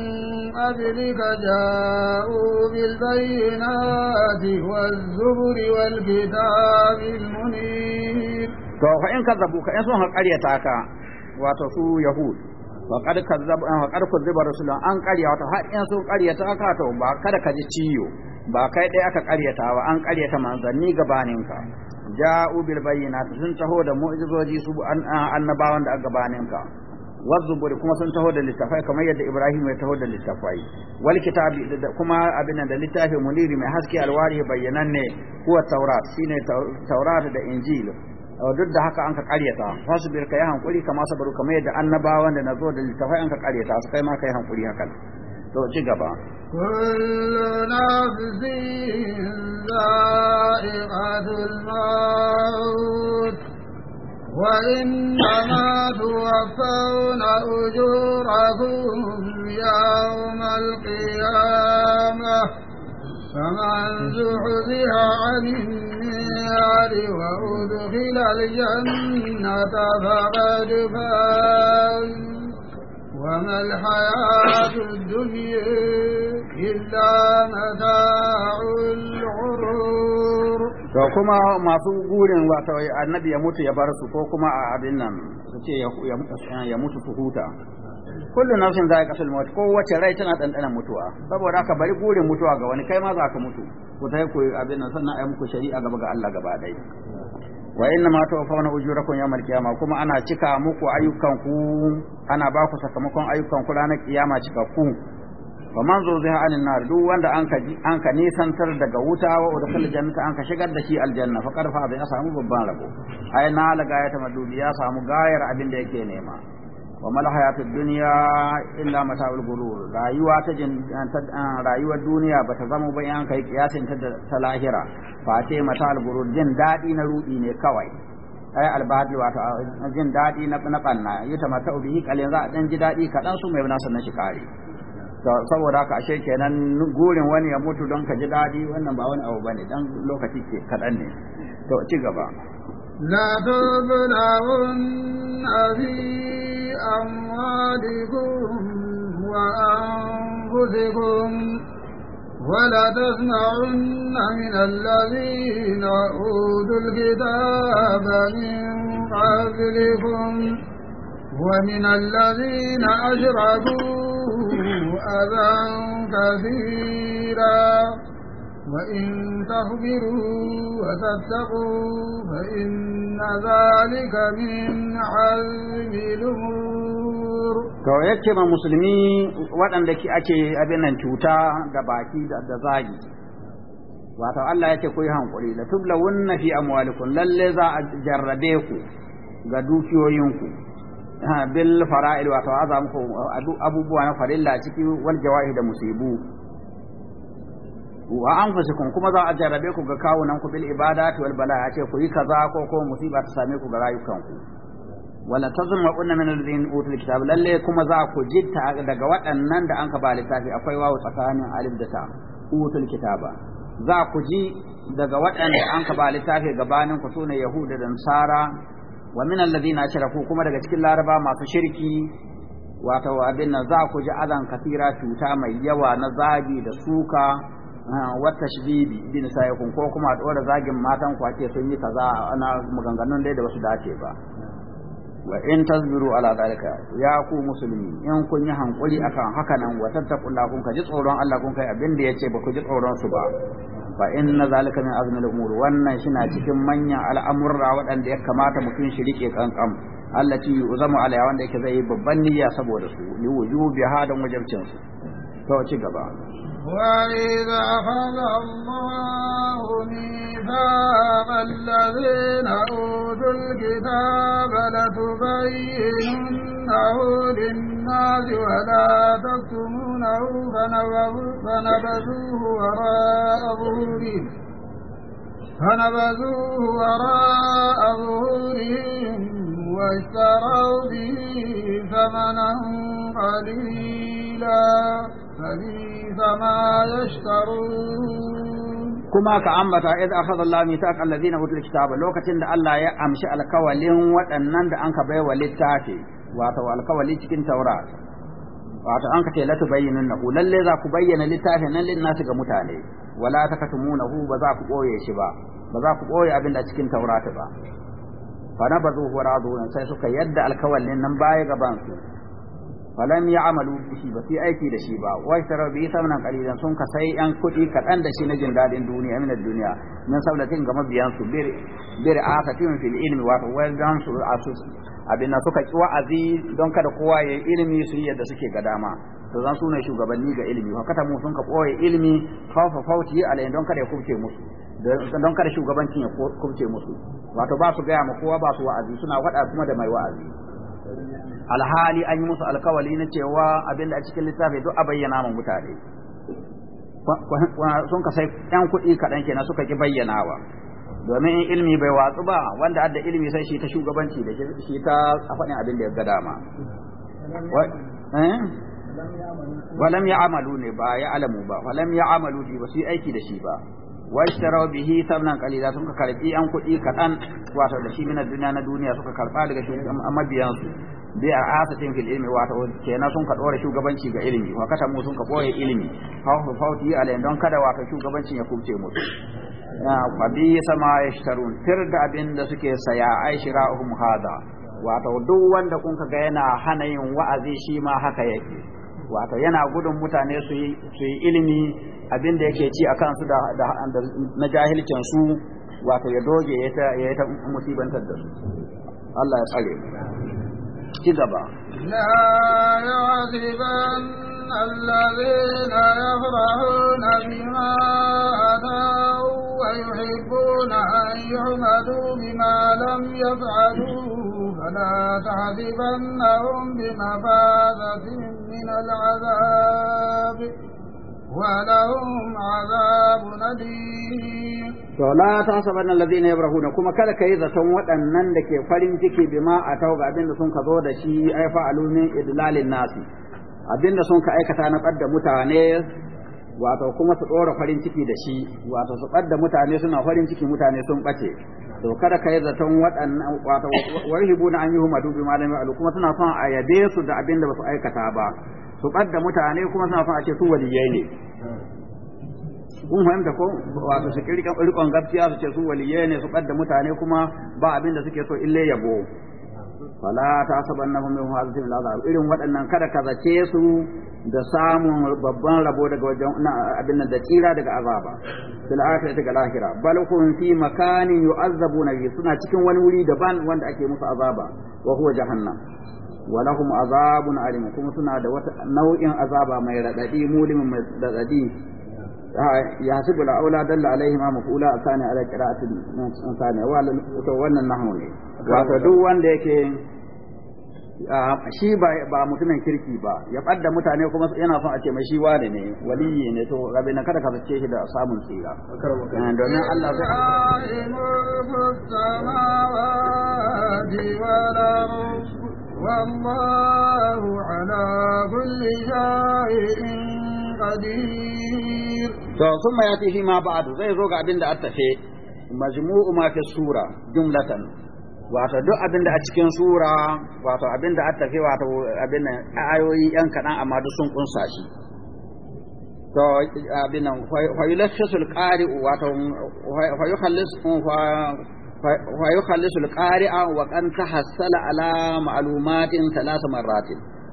قبلك جاءوا بالبينات والزبر والكتاب المنير to fa in kazzabuka in sun karyata ka wato su yahud wa kad kazzab kad eh, rasulun an karya wato har in sun karyata ka to ba kada ka ji ciyo ba kai dai aka karyata wa an ƙaryata manzanni gabaninka ja'u bil bayyinati sun taho da mu'jizoji su annabawan da aka banin ka wazzubur kuma sun taho da littafai kamar yadda Ibrahim ya taho da littafai wal kitabi kuma abin da littafin muniri mai haske alwari ne kuwa taurat shine taurat da injil duk da haka an ka karyata wasu bir kai hankuri kamar sabaru kamar yadda annabawan da nazo da littafai an ka karyata su kai ma kai hankuri hakan to ci gaba كل نفس ذائقة الموت وإنما توفون أجوركم يوم القيامة فمن زحزح عن النار وأدخل الجنة فقد فاز وما الحياة الدنيا إلا متاع الغرور to kuma masu gurin wato annabi ya mutu ya bar su ko kuma a abin nan su ce ya mutu su huta kullu nafsin za ka fil maut ko wace rai tana dandana mutuwa saboda haka bari gurin mutuwa ga wani kai ma za ka mutu ku ta ku abin nan sannan a yi muku shari'a gaba ga Allah gaba dai wa inna ma tu'fawna ujurakum yawmal qiyamah kuma ana cika muku ku ana ba ku sakamakon ku ranar kiyama cikakku wa man zuziha anin nar duk wanda anka anka nisantar daga wuta wa udkhul jannata anka shigar da shi aljanna fa qarfa bi asamu babban rabo ai na laga ya tamaddu ya samu gayar abin da yake nema wa mal hayatu dunya illa mata'ul ghurur rayuwa ta jin rayuwar duniya bata zama ba yan kai kiyasin ta ta lahira face mata'ul ghurur jin dadi na rudi ne kawai ai albahad wato jin dadi na na banna ta mata'u bihi kalin za a dan ji dadi kadan su mai nasa na shi kare saboda haka ashe kenan gurin wani ya mutu don ka ji dadi wannan ba wani abu bane dan lokaci ke kadan ne to ci gaba لا تبلغن في أموالكم وأنفسكم ولا من الذين أوتوا الكتاب من قبلكم ومن الذين أشركوا أذى كثيرا وإن تخبروا وتتقوا فإن ذلك من عزم الأمور to yake ma musulmi waɗanda ake abin nan cuta da baki da zagi wato Allah yake ku yi hankuri la tublawunna fi amwalikum lalle za a jarrabe ku ga dukiyoyinku bil fara'il wato abubuwa na farilla ciki wal jawahi da musibu wa anfusikum kuma za a jarrabe ku ga kawunan ku bil ibadati wal bala ce ku yi kaza ko ko musiba ta same ku ga rayukanku wala tazma'unna min alladhin utul kitab lalle kuma za ku jitta daga waɗannan da an ka ba littafi akwai wawu tsakanin alif da ta utul kitaba za ku ji daga waɗanda an ka ba littafi gabanin ku sune yahuda da nasara wa min alladhina ashraku kuma daga cikin laraba masu shirki wato abin nan za ku ji azan kasira cuta mai yawa na zagi da suka Ah, wata shibibi bin sayakun ko kuma a ɗora zagin matan kwace sun yi kaza ana maganganun dai da basu dace ba wa in tasbiru ala zalika ya ku musulmi in kun yi hankuri akan haka nan wa kun ka ji tsoron Allah kun kai abin da yace ba ku ji tsoron su ba fa inna zalika min azmi al-umur wannan shina cikin manyan al'amurra waɗanda ya kamata mutum shi rike kankan ci uzamu alaiha wanda yake zai babban niyya saboda su ni wujubi hadan wajabcin su to ci gaba وإذا أخذ الله ميثاق الذين أوتوا الكتاب لتبيننه للناس ولا تكتمونه فنبذوه وراء ظهورهم فنبذوه وراء ظهورهم واشتروا به ثمنا قليلا فبئس ما يشترون kuma ka ambata id akhadha Allah mithaq alladhina utul kitaba lokacin da Allah ya amsi alkawalin waɗannan da anka baiwa littafi wato alkawali cikin taura wato an ka ce latu bayyinin nahu lalle za ku bayyana littafin nan lin nasu ga mutane wala takatumunahu ba za shi ba za ku boye abinda cikin taurata ba fana ba zuhu razu sai suka yadda alkawalin nan baya gaban su falam ya amalu shi ba su aiki da shi ba wai tarar bi samanan kalilan sun ka sai yan kuɗi kaɗan da shi na jin daɗin duniya min duniya min sablatin ga mabiyan su bir bir asatin fil ilmi wa wadan su asus abin na suka ki wa'azi don kada kowa ya ilimi su yadda suke ga dama to zan sune shugabanni ga ilimi wa mu sun ka ɓoye ilimi khawfa fauti alai don kada ya kubce musu don kada shugabancin ya kubce musu wato ba su gaya ma kowa ba su wa'azi suna faɗa kuma da mai wa'azi alhali an yi musu alkawali na cewa abinda a cikin littafi duk a bayyana ma mutane sun ka sai yan kuɗi kaɗan kenan suka ki bayyanawa domin in ilmi bai watsu ba wanda adda ilmi sai shi ta shugabanci da shi ta a faɗin abin da ya ga dama walam eh? ya amalu ne ba ya alamu ba walam ya amalu ba su yi aiki da shi ba واشتروا به ثمنا قليلا ثم كربي ان كدي كدان واتو دشي من الدنيا نا دنيا suka karba daga shi mabiyan su bi a asatin fil ilmi wato kenan sun ka dora shugabanci ga ilimi wa kata mu sun ka boye ilimi hawu fauti alayan don kada wato shugabancin ya kubce mu. fa bi sama yashtarun tir da abin da suke saya aishirahum hada wato duk wanda kun ka ga yana hana yin wa'azi shi ma haka yake wato yana gudun mutane su yi ilimi abin da yake ci a kansu da na jahilcin su wato ya doge ya ta musibantar da su Allah ya tsare ci gaba la yu'adhiban alladhina yafrahuna bima ataw wa yuhibbuna an yuhmadu bima lam yaf'alu فلا بمفازة من العذاب ولهم عذاب أليم to la ta sabanna allazina yabrahuna kuma kada kai zaton waɗannan da ke farin ciki bima a tau ga abinda sun ka zo da shi ai fa alumin idlalin nasi abinda sun ka aikata na kadda mutane wato kuma su ɗora farin ciki da shi wato su ɓadda mutane suna farin ciki mutane sun ɓace to kada ka yi zaton waɗannan wato warhibu na an yi humadu bi malami alu kuma suna son a yabe su da abin da ba su aikata ba su ɓadda mutane kuma suna son a ce su waliyai ne kun fahimta ko wato su rikon gaskiya su ce su waliyai ne su ɓadda mutane kuma ba abin da suke so ille yabo fala ta saban na mummin halittin lazar irin waɗannan kada ka zace su da samun babban rabo daga wajen abin da tsira daga azaba fil akhirah ga lahira bal kun fi makanin yu'azzabuna suna cikin wani wuri daban wanda ake musu azaba wa huwa jahannam walahum azabun alim kuma suna da wata nau'in azaba mai radadi mulimin mai radadi ya su bula aula dalla alaihi ma mafula asani ala qira'atin asani wa to wannan nahwu ne wato duk wanda yake shi ba mutumin kirki ba ya fadda mutane kuma yana son a ce mai shi wane ne waliyi ne to rabe na kada ka zace shi da samun tsira eh, domin Allah zai والله على كل شيء قدير to kuma ya tafi ma ba'du zai zo ga abin da aka majmu'u ma fi sura jumlatan wato duk abin da a cikin sura wato abin da aka wato abin nan ayoyi yan kadan amma duk sun kunsa shi to abin nan fa yulakhisul qari'u wato fa yukhallis wa yukhallisu al-qari'a wa kan tahassala ala ma'lumatin thalath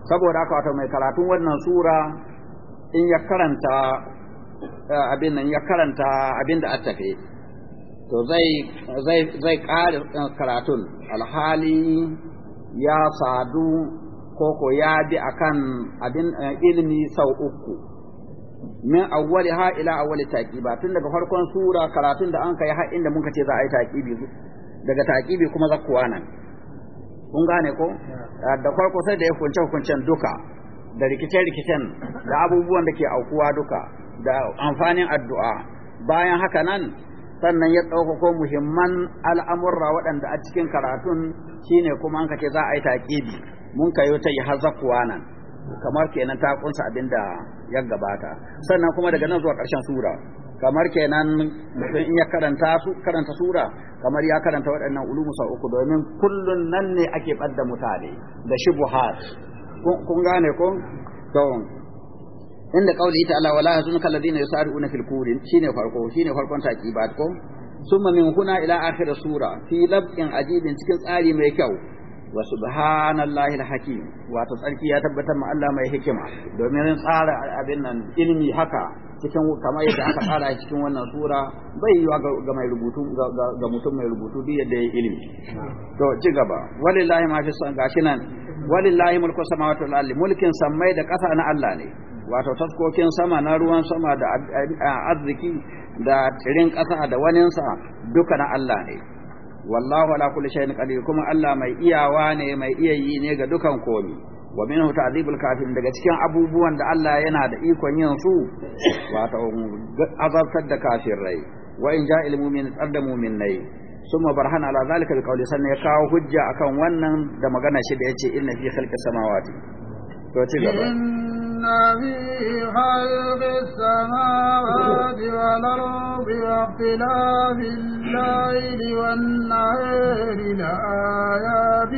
saboda haka wato mai karatun wannan sura in ya karanta eh, abin nan ya karanta abin da attafe to zai zai zai kare eh, karatun alhali ya sadu koko ya bi akan abin eh, ilimi sau uku min awwali ha ila awwali taqiba tun daga farkon sura karatun da an kai har inda muka ce za a yi taqibi daga taqibi kuma zakkuwa nan kun gane ko da farko sai da ya kunce hukuncen duka da rikice-rikicen da abubuwan da ke aukuwa duka da amfanin addu'a bayan haka nan sannan ya ɗaukako muhimman al'amurra waɗanda a cikin karatun shine kuma an kace za a yi taqibi mun kayo ta yi har kuwa nan kamar kenan ta kunsa abin da ya gabata sannan kuma daga nan zuwa ƙarshen sura kamar kenan mutum in ya karanta su karanta sura kamar ya karanta waɗannan ulumu sau uku domin kullun nan ne ake ɓadda mutane da shubuhat kun gane ko to inda kauli ita Allah wala yazunka alladhina yusari'una fil kurin shine farko shine farkon ba ko summa min huna ila akhir sura fi labqin ajibin cikin tsari mai kyau wa subhanallahi alhakim wato tsarki ya tabbatar ma Allah mai hikima domin tsara abin nan ilimi haka cikin kamar yadda aka tsara cikin wannan sura bai yiwa ga mai rubutu ga mutum mai rubutu duk yadda ya ilimi to ci gaba walillahi ma fi gashi nan walillahi mulku samawati wal ardi mulkin samai da kasa na Allah ne wato taskokin sama na ruwan sama da arziki da tirin kasa da waninsa duka na Allah ne wallahu ala kulli shay'in qadir kuma Allah mai iyawa ne mai iya yi ne ga dukan komi wa minhu ta'dhibul kafirin daga cikin abubuwan da Allah yana da ikon yin su wato azabtar da rai. wa in ja'il mu'min tsarda mu'minai Suma barhana ala zalika biqawli sannan ya kawo hujja akan wannan da magana shi da yace inna fi khalqis samawati to ci gaba يسارعون في خلق السماوات والأرض واختلاف الليل والنهار لآيات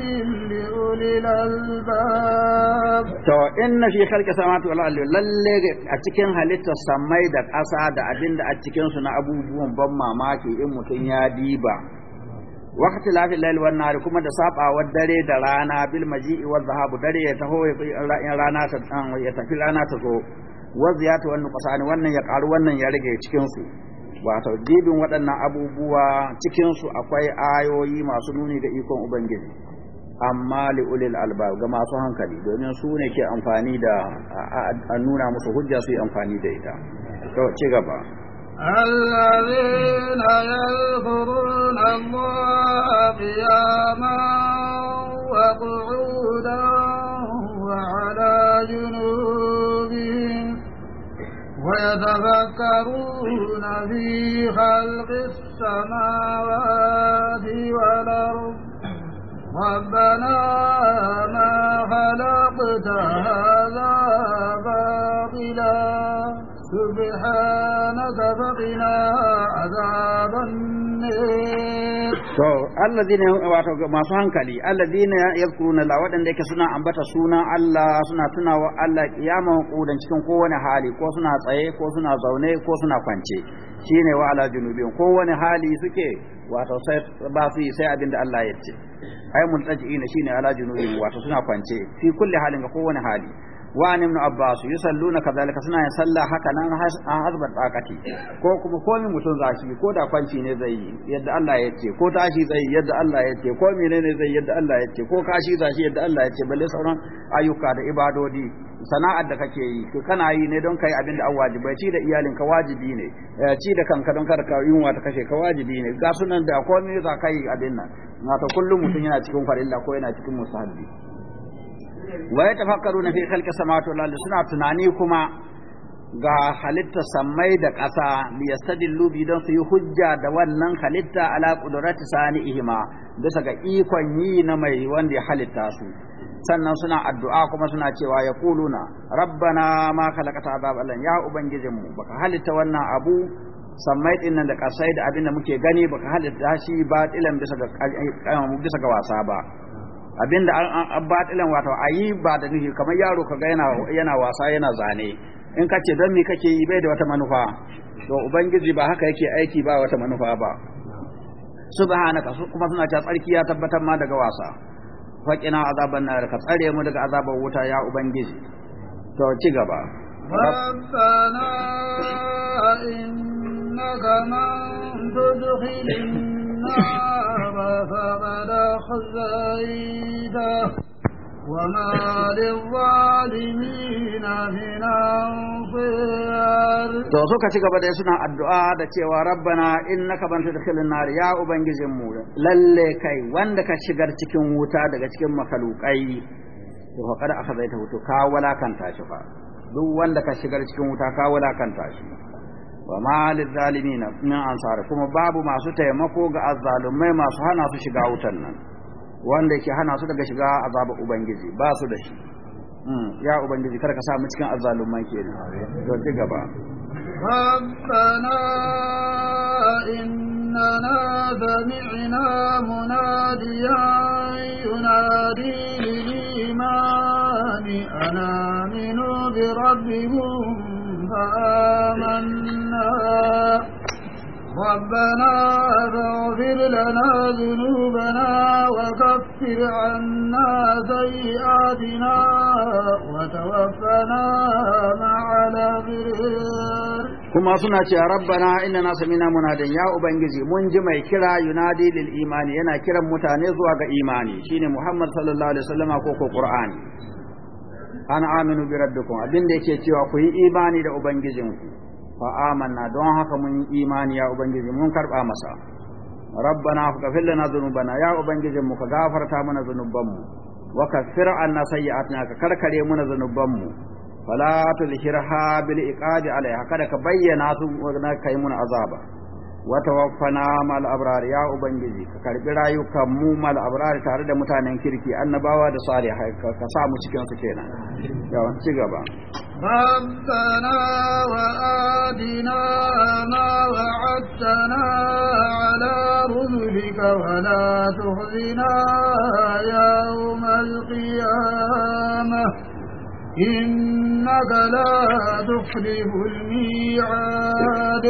لأولي الألباب تو إن في خلق السماوات والأرض للي أتكين هلت السماء دا أسعد أبين دا أتكين سنة أبو بوم بما ماكي إمو تنيا ديبا waqti lafil layl wan kuma da sabawar dare da rana bil maji'i zahabu dare ya taho ya rana ta ya tafi rana ta zo wa ziyatu wan nuqsan wannan ya karu wannan ya rage cikin su wato dibin waɗannan abubuwa cikin su akwai ayoyi masu nuni da ikon ubangiji amma li ulil albab ga masu hankali domin su ne ke amfani da a nuna musu hujja su yi amfani da ita to ci gaba الذين يذكرون الله قياما وقعودا وعلى جنوبهم ويتفكرون في خلق السماوات والأرض ربنا ما خلقت هذا باطلا سبحانك فقنا عذاب النار to alladhina wato masu hankali ya yadhkuruna la wadanda yake suna ambata sunan Allah suna tunawa Allah kiyama kudan cikin kowane hali ko suna tsaye ko suna zaune ko suna kwance shine wa ala junubin kowane hali suke wato sai ba su yi sai abinda Allah ya ce ai ina shine ala junubin wato suna kwance fi kulli halin ga kowane hali وعن ابن عباس يصلون كذلك سنا يصلى haka nan hasbar tsakati ko kuma komi mutum zaki ko da kwanci ne zai yi yadda Allah ya ce ko tashi zai yi yadda Allah ya ce ko ne zai yi yadda Allah ya ce ko kashi zaki yadda Allah ya ce balle sauran ayyuka da ibadodi sana'ar da kake yi to kana yi ne don kai abin da an wajibai ci da iyalinka wajibi ne ci da kanka don kar ka yunwa ta kashe ka wajibi ne ga sunan da komai za ka yi abin nan na ta kullum mutum yana cikin farilla ko yana cikin musabbi wa na fi khalqi samawati wal ardi suna tunani kuma ga halitta sammai da ƙasa li yastadillu bi don su yi hujja da wannan halitta ala qudrati sani'ihima bisa ga ikon yi na mai wanda ya halitta su sannan suna addu'a kuma suna cewa ya kuluna rabbana ma khalaqata azab babalan ya ubangijinmu baka halitta wannan abu sammai din nan da ƙasai, da abin da muke gani baka halitta shi ba tilan bisa eh, eh, bisa ga wasa ba abinda an batilan wato ayi ba da nufi kamar yaro kaga yana yana wasa yana zane in kace don me kake yi bai da wata manufa to ubangiji ba haka yake aiki ba wata manufa ba subhanaka kuma suna ta tsarki ya tabbatar ma daga wasa faqina azaban nar ka tsare mu daga azabar wuta ya ubangiji to ci gaba rabbana innaka man tudkhilin النار فقد أخزيته وما للظالمين من أنصار to suka ci gaba da suna addu'a da cewa rabbana innaka ban tudkhilin nar ya ubangijin mu lalle kai wanda ka shigar cikin wuta daga cikin makalukai to faqad ta hutu ka walakanta shi fa duk wanda ka shigar cikin wuta ka walakanta shi wa malil zalimin min ansar kuma babu masu taimako ga azzalumai masu hana su shiga wutan nan wanda ke hana su daga shiga azaba ubangiji ba su da shi hmm, ya ubangiji kar ka sa mu cikin azzalumai ne to ci gaba ربنا إننا سمعنا مناديا ينادي للإيمان أنا من بربهم فآمنا ربنا فاغفر لنا ذنوبنا وكفر عنا سيئاتنا وتوفنا مع الأبرار kuma suna ce rabbana innana samina munadin ya ubangiji mun ji mai kira yunadi lil imani yana kiran mutane zuwa ga imani shine muhammad sallallahu alaihi wasallam ko ko qur'ani an aminu bi rabbikum abinda yake cewa ku yi imani da ubangijinku fa amanna don haka mun yi imani ya ubangiji mun karba masa rabbana ghafir lana dhunubana ya ubangiji mu ka gafarta mana mu wa kaffir anna sayyi'atina ka karkare mana mu fala tulhirha bil iqadi alaiha kada ka bayyana su na kai mun azaba wa tawaffana mal abrar ya ubangiji ka karbi rayukan mu mal abrar tare da mutanen kirki annabawa da salihai ka sa mu cikin su kenan ya ci gaba ربنا وآتنا ما وعدتنا على رسلك ولا تخزنا يوم القيامة إنك لا تخلف الميعاد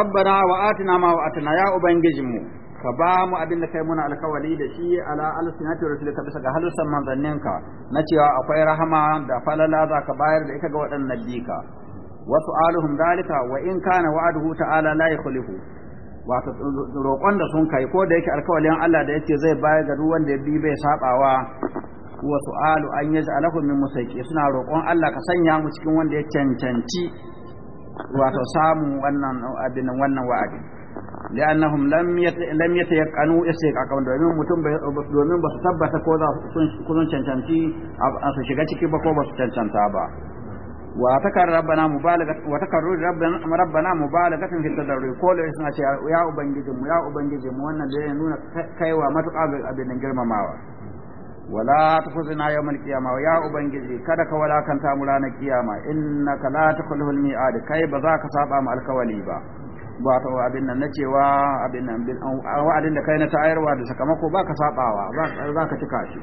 ربنا وآتنا ما وعدتنا يا أبنجزمو ka ba mu abin da kai muna alkawali da shi ala alsinati rasulika bisa ga manzannin manzanninka na cewa akwai rahama da falala za ka bayar da ita ga waɗannan bika wa su'aluhum dalika wa in kana wa'aduhu ta'ala la yukhlifu wato roƙon da sun kai ko da yake alkawalin Allah da yake zai bayar ga duk wanda ya bi bai sabawa wa su'alu an yaj'alahu min musaqi suna roƙon Allah ka sanya mu cikin wanda ya cancanci wato samu wannan abin wannan wa'adi لأنهم لم يت... لم يتيقنوا استيقاقا domin mutum ba su tabbata ko za sun cancanci a su shiga ciki ba ko ba su cancanta ba wa takar rabbana mubalagat wa takar rabbana rabbana mubalagatan fi ko da suna ce ya ubangiji mu ya ubangiji mu wannan da ya nuna kaiwa matuƙa ga abin da girmamawa wala tukhzina yawmal qiyamah ya ubangiji kada ka walakanta mu ranar kiyama innaka la tukhlifu al mi'ad kai ba za ka saba mu alkawali ba wato abin nan na cewa abin nan bin wa'adin da kai na tayarwa da sakamako ka sabawa ka cika shi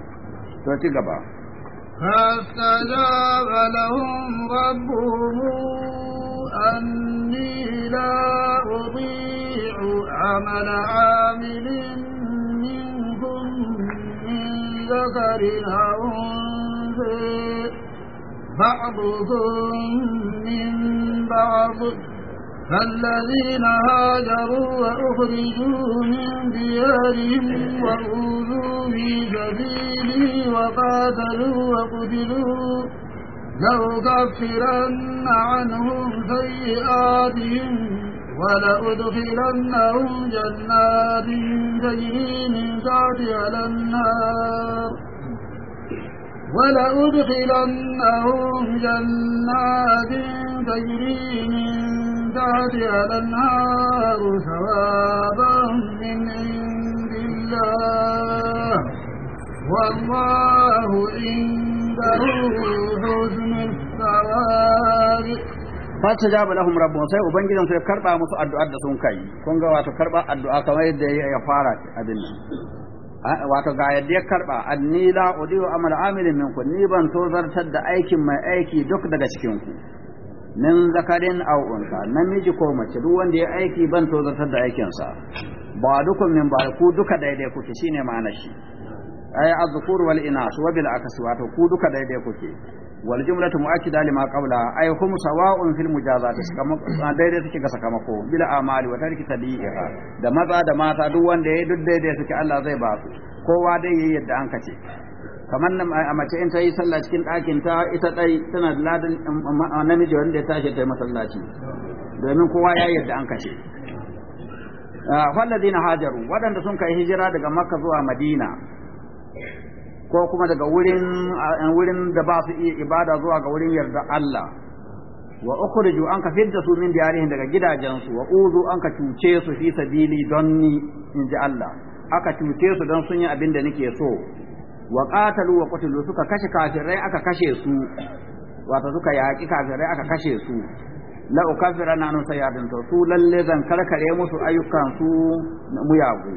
to ci gaba فاستجاب لهم ربهم أني فالذين هاجروا وأخرجوا من ديارهم وأوذوا في سبيلي وقاتلوا وقتلوا لأكفرن عنهم سيئاتهم ولأدخلنهم جنات تجري من تحتها النار ولأدخلنهم جنات تجري من من تحتها الأنهار ثوابا من عند الله والله عنده حسن الثواب fata bala lahum rabbuhum sai ubangijin su ya karba musu addu'ar da sun kai kun ga wato karba addu'a kamar yadda ya fara abin nan wato ga yadda ya karba anni la udiyu amal amilin minku ni ban tozartar da aikin mai aiki duk daga cikin ku min zakarin aw unsa namiji ko mace duk wanda ya aiki ban tozartar da aikinsa ba dukun min ba ku duka daidai kuke shine ma'anar shi ay azkur wal inas wa bil akas to ku duka daidai kuke wal jumlatu mu'akkida lima qabla ay hum sawa'un fil mujazat daidai suke ga sakamako bil amali wa tarki tabi'iha da maza da mata duk wanda ya duk daidai suke Allah zai ba su kowa dai yayi yadda an kace kamar a mace in ta yi sallah cikin ɗakin ta ita ɗai tana da ladan um, um, namiji wanda ya tashi ta yi masallaci domin kowa ya yadda an kashe ah, na hajaru waɗanda sun kai hijira daga makka zuwa madina ko kuma daga wurin da ba su iya ibada zuwa ga wurin yarda Allah wa ukhriju an ka fidda su min diyarihim daga gidajensu wa uzu an ka cuce su fi sabili don ni in ji Allah aka cuce su don sun yi abin da nake so wa qatalu wa qutilu suka kashe kafirai aka kashe su wato suka yaƙi kafirai aka kashe su la ukafira na nan sayadin to su lalle zan karkare musu ayyukan su muyagu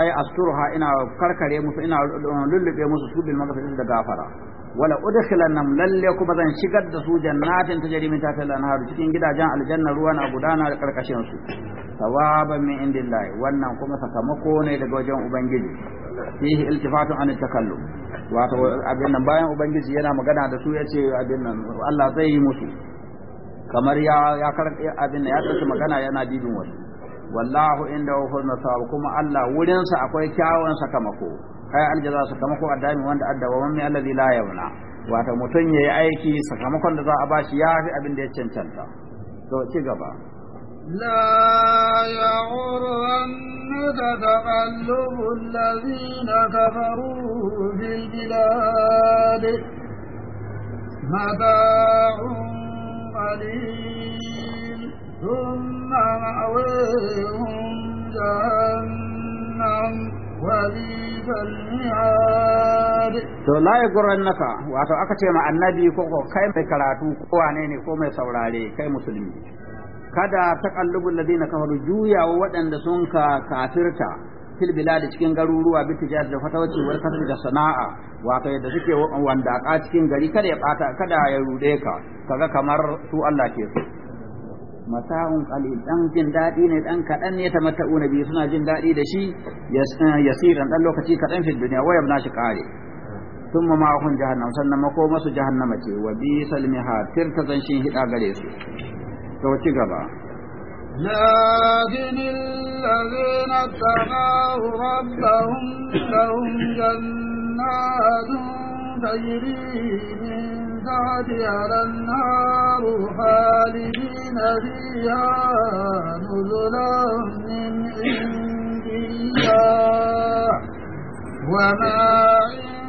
ai asturha ina karkare musu ina uh, lullube musu su bil magfirati da gafara wala udkhilannam lalle kuma zan shigar da su jannatin tajri min tahtiha al-anhar cikin gidajen aljanna ruwa na gudana da karkashin su sawaban min indillahi wannan kuma sakamako ne daga wajen ubangiji fihi iltifatun an takallum wato abin nan bayan ubangiji yana magana da su yace abin nan Allah zai yi musu kamar ya ya kar abin nan ya tsaya magana yana didin wasu wallahu inda husnul nasab kuma Allah wurin sa akwai kyawun sakamako kai aljaza sakamako addami wanda addaba wammi allazi la yawna wato mutun yayi aiki sakamakon da za a bashi ya fi abin da ya cancanta to ci gaba لا يغرنك تقلب الذين كفروا في البلاد متاع قليل ثم مأويهم جهنم To la ya gurar naka wato aka ce ma annabi ko kai mai karatu ko wane ne ko mai saurare kai musulmi kada ta kallubu ladina kafaru juyawa waɗanda sun ka kafirta fil bilad cikin garuruwa bi tijar da fatawaci war kasar da sana'a wato yadda suke wanda ka cikin gari kada ya bata kada ya rude ka kaga kamar su Allah ke so mata'un qalil dan jin dadi ne dan kadan ne ta tamatta'una bi suna jin dadi da shi eh, yasiran dan lokaci kadan fil duniya wayab nashi kare ثم ما هم جهنم سنما كو مسو جهنم تي وبئس المهاد ترتزن شي هدا غريسو to ci gaba لكن الذين اتقوا ربهم لهم جنات تجري من تحتها الأنهار خالدين فيها نزلا من عند الله وما عند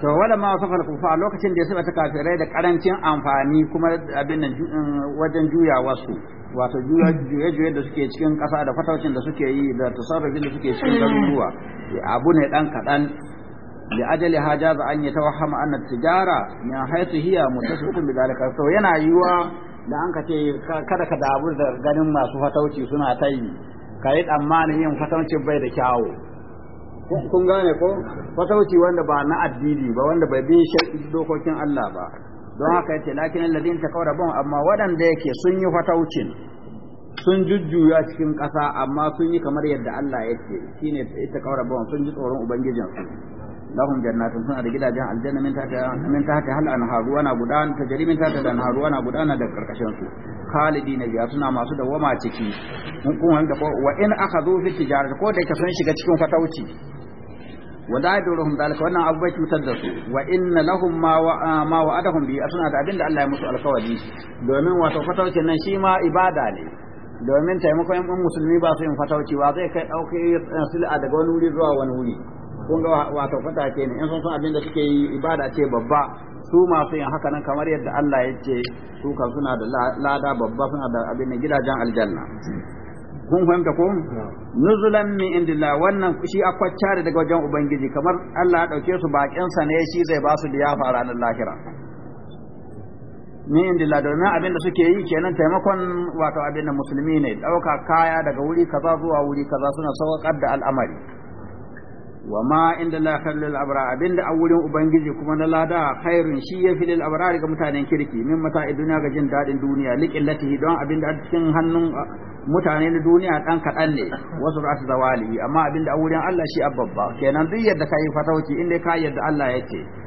to wala ma wasafa kufa lokacin da ya saba ta kafirai da karancin amfani kuma abin nan um, wajen juya wasu wato juya juya juya da suke cikin kasa da fataucin da suke yi da tasarrufin da suke cikin garuruwa abu ne dan kadan لأجل هذا أن يتوهم أن التجارة من حيث هي متسبة بذلك to yana yiwa da an ka ce kada ka dabu da ganin masu fatauci suna ta yi ka yi tsammanin yin fasauci bai da kyawu kun gane ko Fasauci wanda ba na addini ba wanda bai bi dokokin Allah ba don haka yace lakin alladin takarabun amma waɗanda yake sun yi fataucin sun jujjuya cikin ƙasa amma sun yi kamar yadda Allah yake shine takarabun sun ji tsoron ubangijinsu lahum jannatun suna da gidajen aljanna min tahta min tahta hal anharu wana gudana tajri min tahta anharu wana gudana da karkashin su khalidina biya suna masu dawama ciki mun kuma ko wa in akhadhu fi tijarat ko da ka sun shiga cikin fatauci wa la yaduruhum dalika wannan abu bai cutar da su wa inna lahum ma wa ah, ma adahum bi suna da abinda Allah ya musu alkawari domin wato fatauci nan shi ma ibada ne domin taimakon yan musulmi ba su yin fatauci wa zai kai dauke eh, sil'a daga wani wuri zuwa wani wuri kun ga wato fatauci ne in sun san abinda suke yi ibada ce babba su masu yin haka nan kamar yadda Allah ya ce su kan suna da lada babba suna da abin da gidajen aljanna kun fahimta ko nuzulan min indillah wannan shi akwacca da daga wajen ubangiji kamar Allah ya dauke su bakin sa ne shi zai ba su liyafa a ranar lahira min indillah domin abin da suke yi kenan taimakon wato abin da musulmi ne dauka kaya daga wuri kaza zuwa wuri kaza suna sauƙar da al'amari wa ma inda la labara abra abinda a wurin ubangiji kuma na lada khairun shi ya lil labara ga mutanen kirki min mata duniya ga jin dadin duniya liqillati don abinda a cikin hannun mutane na duniya dan kadan ne wasu rasu zawali amma abinda a wurin Allah shi abba kenan duk yadda kai fatauci inda ka yadda Allah yace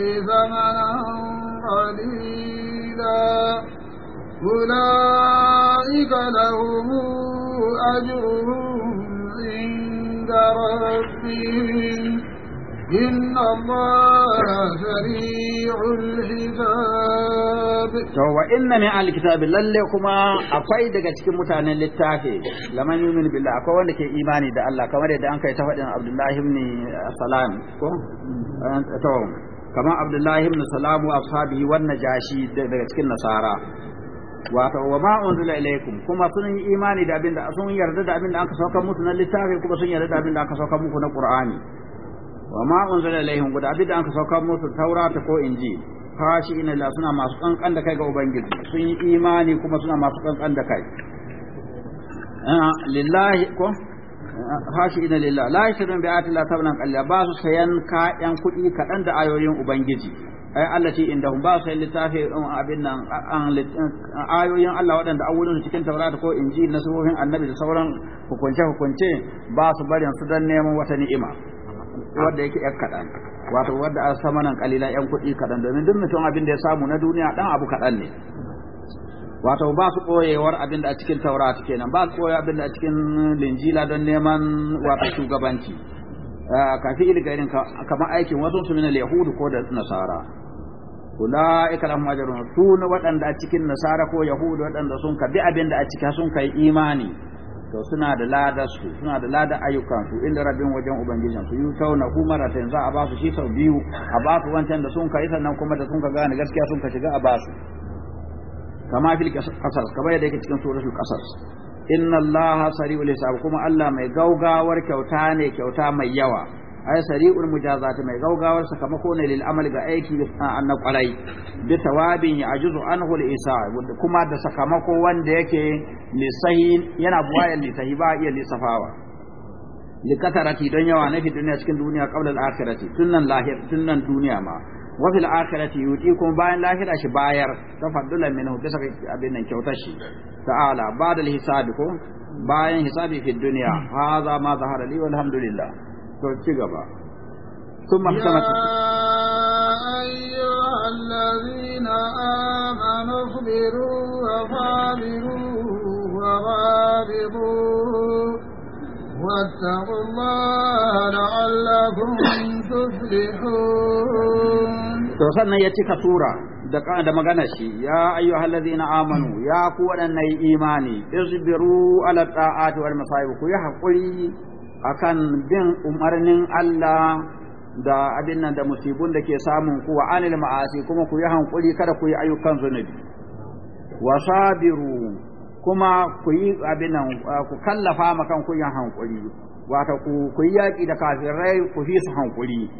ثمنا قليلا أولئك لهم أجرهم عند ربهم إن الله سريع الحساب to wa inna min lalle kuma akwai daga cikin mutanen littafi laman yumin wanda ke imani da Allah kamar yadda an kai ta faɗin Abdullahi Salam kamar abdullahi ibn salamu ashabi wannan jashi daga cikin nasara wato wa ma unzila ilaikum kuma sun yi imani da abinda sun yarda da abinda aka saukar musu na littafi kuma sun yarda da abinda aka saukar muku na qur'ani wa ma unzila ilaihim guda abinda aka saukar musu taurata ko inji kashi ina la suna masu kankan da kai ga ubangiji sun yi imani kuma suna masu kankan da kai ah, lillahi ko khashi'ina lillah la yashrun bi ayati la tabna qalla ba su sayan kayan kuɗi kaɗan da ayoyin ubangiji ai Allah ce inda ba su sayan littafi um, abin nan ayoyin Allah waɗanda an wurin cikin taurata ko injil na sufofin annabi da sauran hukunce hukunce ba su barin su dan neman wata ni'ima wanda yake yan kaɗan wato wanda a samanan kalila yan kuɗi kaɗan domin duk mutum abin da ya samu na duniya dan abu kaɗan ne wato ba su koyewar abin da a cikin taurata kenan ba su koyo abin da a cikin linjila don neman wato shugabanci ah, kafi ilgarin kamar aikin wasu su mina yahudu ko da nasara kula lahum majarun su ne waɗanda a cikin nasara ko yahudu waɗanda sun ka bi abin da a cikin sun kai imani to suna da ladar su suna da ladar ayyukan su inda rabin wajen ubangijin su yutau na kuma ratain za a ba su shi sau biyu a ba su wancan da sun kai sannan kuma da sun ka gane gaskiya sun ka shiga a ba su kama fil qasas kamar da yake cikin suratul qasas inna allaha sari'ul hisab kuma allah mai gaugawar kyauta ne kyauta mai yawa ay sari'ul mujazat mai gaugawar sakamako ne lil amali ga aiki na kwarai bi tawabin ya'juzu anhu al isa kuma da sakamako wanda yake lisahin yana buwaye lisahi ba iya lisafawa likatarati don yawa na fi duniya cikin duniya qabla al akhirati tunnan lahir tunnan duniya ma wafil fil akhirati yuti kuma bayan lahira shi bayar tafaddulan minhu bisa abin nan kyautar shi ta'ala ba'da hisabi ko bayan hisabi fi dunya hadha ma zahara li walhamdulillah to ci gaba ثم احتمت أيها الذين آمنوا اصبروا وصابروا ورابطوا واتقوا الله لعلكم تفلحون to sannan ya cika tura da magana shi ya ayyu hallazina amanu ya ku yi imani isbiru ala ta'ati wal ku yi hakuri akan bin umarnin Allah da abin nan da musibun da ke samun ku wa anil ma'asi kuma ku yi hankuri kada ku yi ayyukan zunubi wa sabiru kuma ku yi abin nan ku kallafa ma kan ku yin hankuri wato ku ku yi yaki da kafirai ku fi su hankuri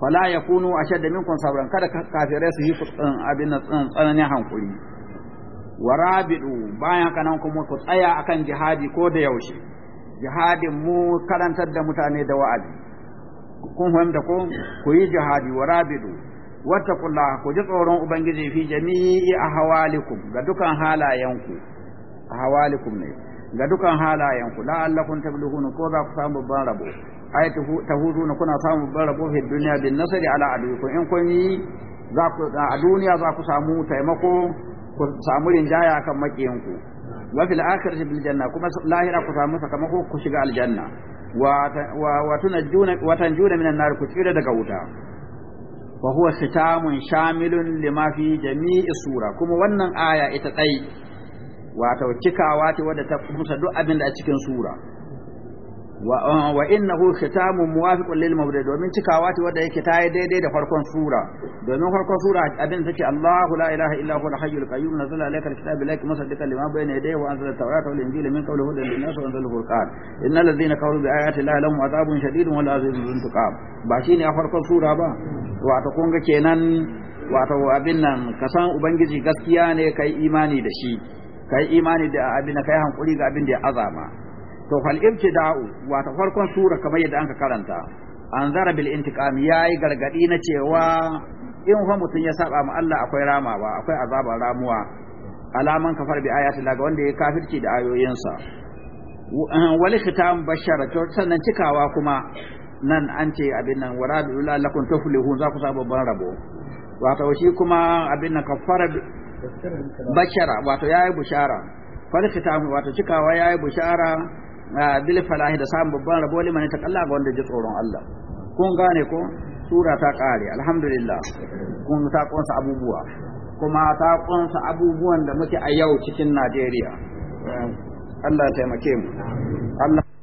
fala yakunu ashadda minkum sabran kada kafirai su yi abin nan tsananin hankuri warabidu bayan kanan kuma ku tsaya akan jihadi ko da yaushe jihadin mu karantar da mutane da wa'azi kun fahimta ko ku yi jihadi warabidu wattaqullaha ku ji tsoron ubangiji fi jami'i ahwalikum ga dukan halayenku hawalikum ne ga dukan halayen ku la'allakum tablughuna ko za ku samu babban rabo ai na kuna samu babban rabo fi dunya bin nasari ala adukum in kun yi za ku a duniya za ku samu taimako ku samu rinjaya kan ku wa fil akhirati bil janna kuma lahira ku samu sakamako ku shiga aljanna wa wa tunajuna wa tanjuna minan nar ku tsira daga wuta wa huwa sitamun shamilun lima fi jami'i sura kuma wannan aya ita tsayi wato cikawa ce wadda ta kusa duk abin da a cikin sura wa uh, innahu khitamun muwafiqun lil mawdu domin cikawa ce wadda yake tayi daidai da farkon sura domin farkon sura abin take Allahu la ilaha illa huwa al-hayyul qayyum nazala alayka al-kitaba la musaddiqan lima bayna yadayhi wa anzala at-taurata wal injila min qawlihi hudan lin-nas wa anzala al-furqan innal ladhina kafaru bi ayati llahi lahum adhabun shadidun wa azabun intiqam ba shine a farkon sura ba wato kun ga kenan wato abin nan kasan ubangiji gaskiya ne kai imani da shi kai imani da abin da kai hankuri ga abin da ya azama to fal ibtida'u wato farkon sura kamar yadda anka karanta an zara bil intiqam yayi gargadi na cewa in fa mutun ya saba ma Allah akwai rama ba akwai azaba ramuwa alaman kafar bi ayati Allah ga wanda ya kafirci da ayoyinsa wal khitam bashara to sannan cikawa kuma nan an ce abin nan waradu lakum tuflihu za ku samu babban rabo wato shi kuma abin nan kafara bashara wato yayi bushara fal khitam wato cikawa yayi bushara bil falahi da samun babban rabo liman ta kalla ga wanda ji tsoron Allah kun gane ko sura ta kare alhamdulillah kun ta kunsa abubuwa kuma ta kunsa abubuwan da muke a yau cikin Najeriya Allah ya taimake mu Allah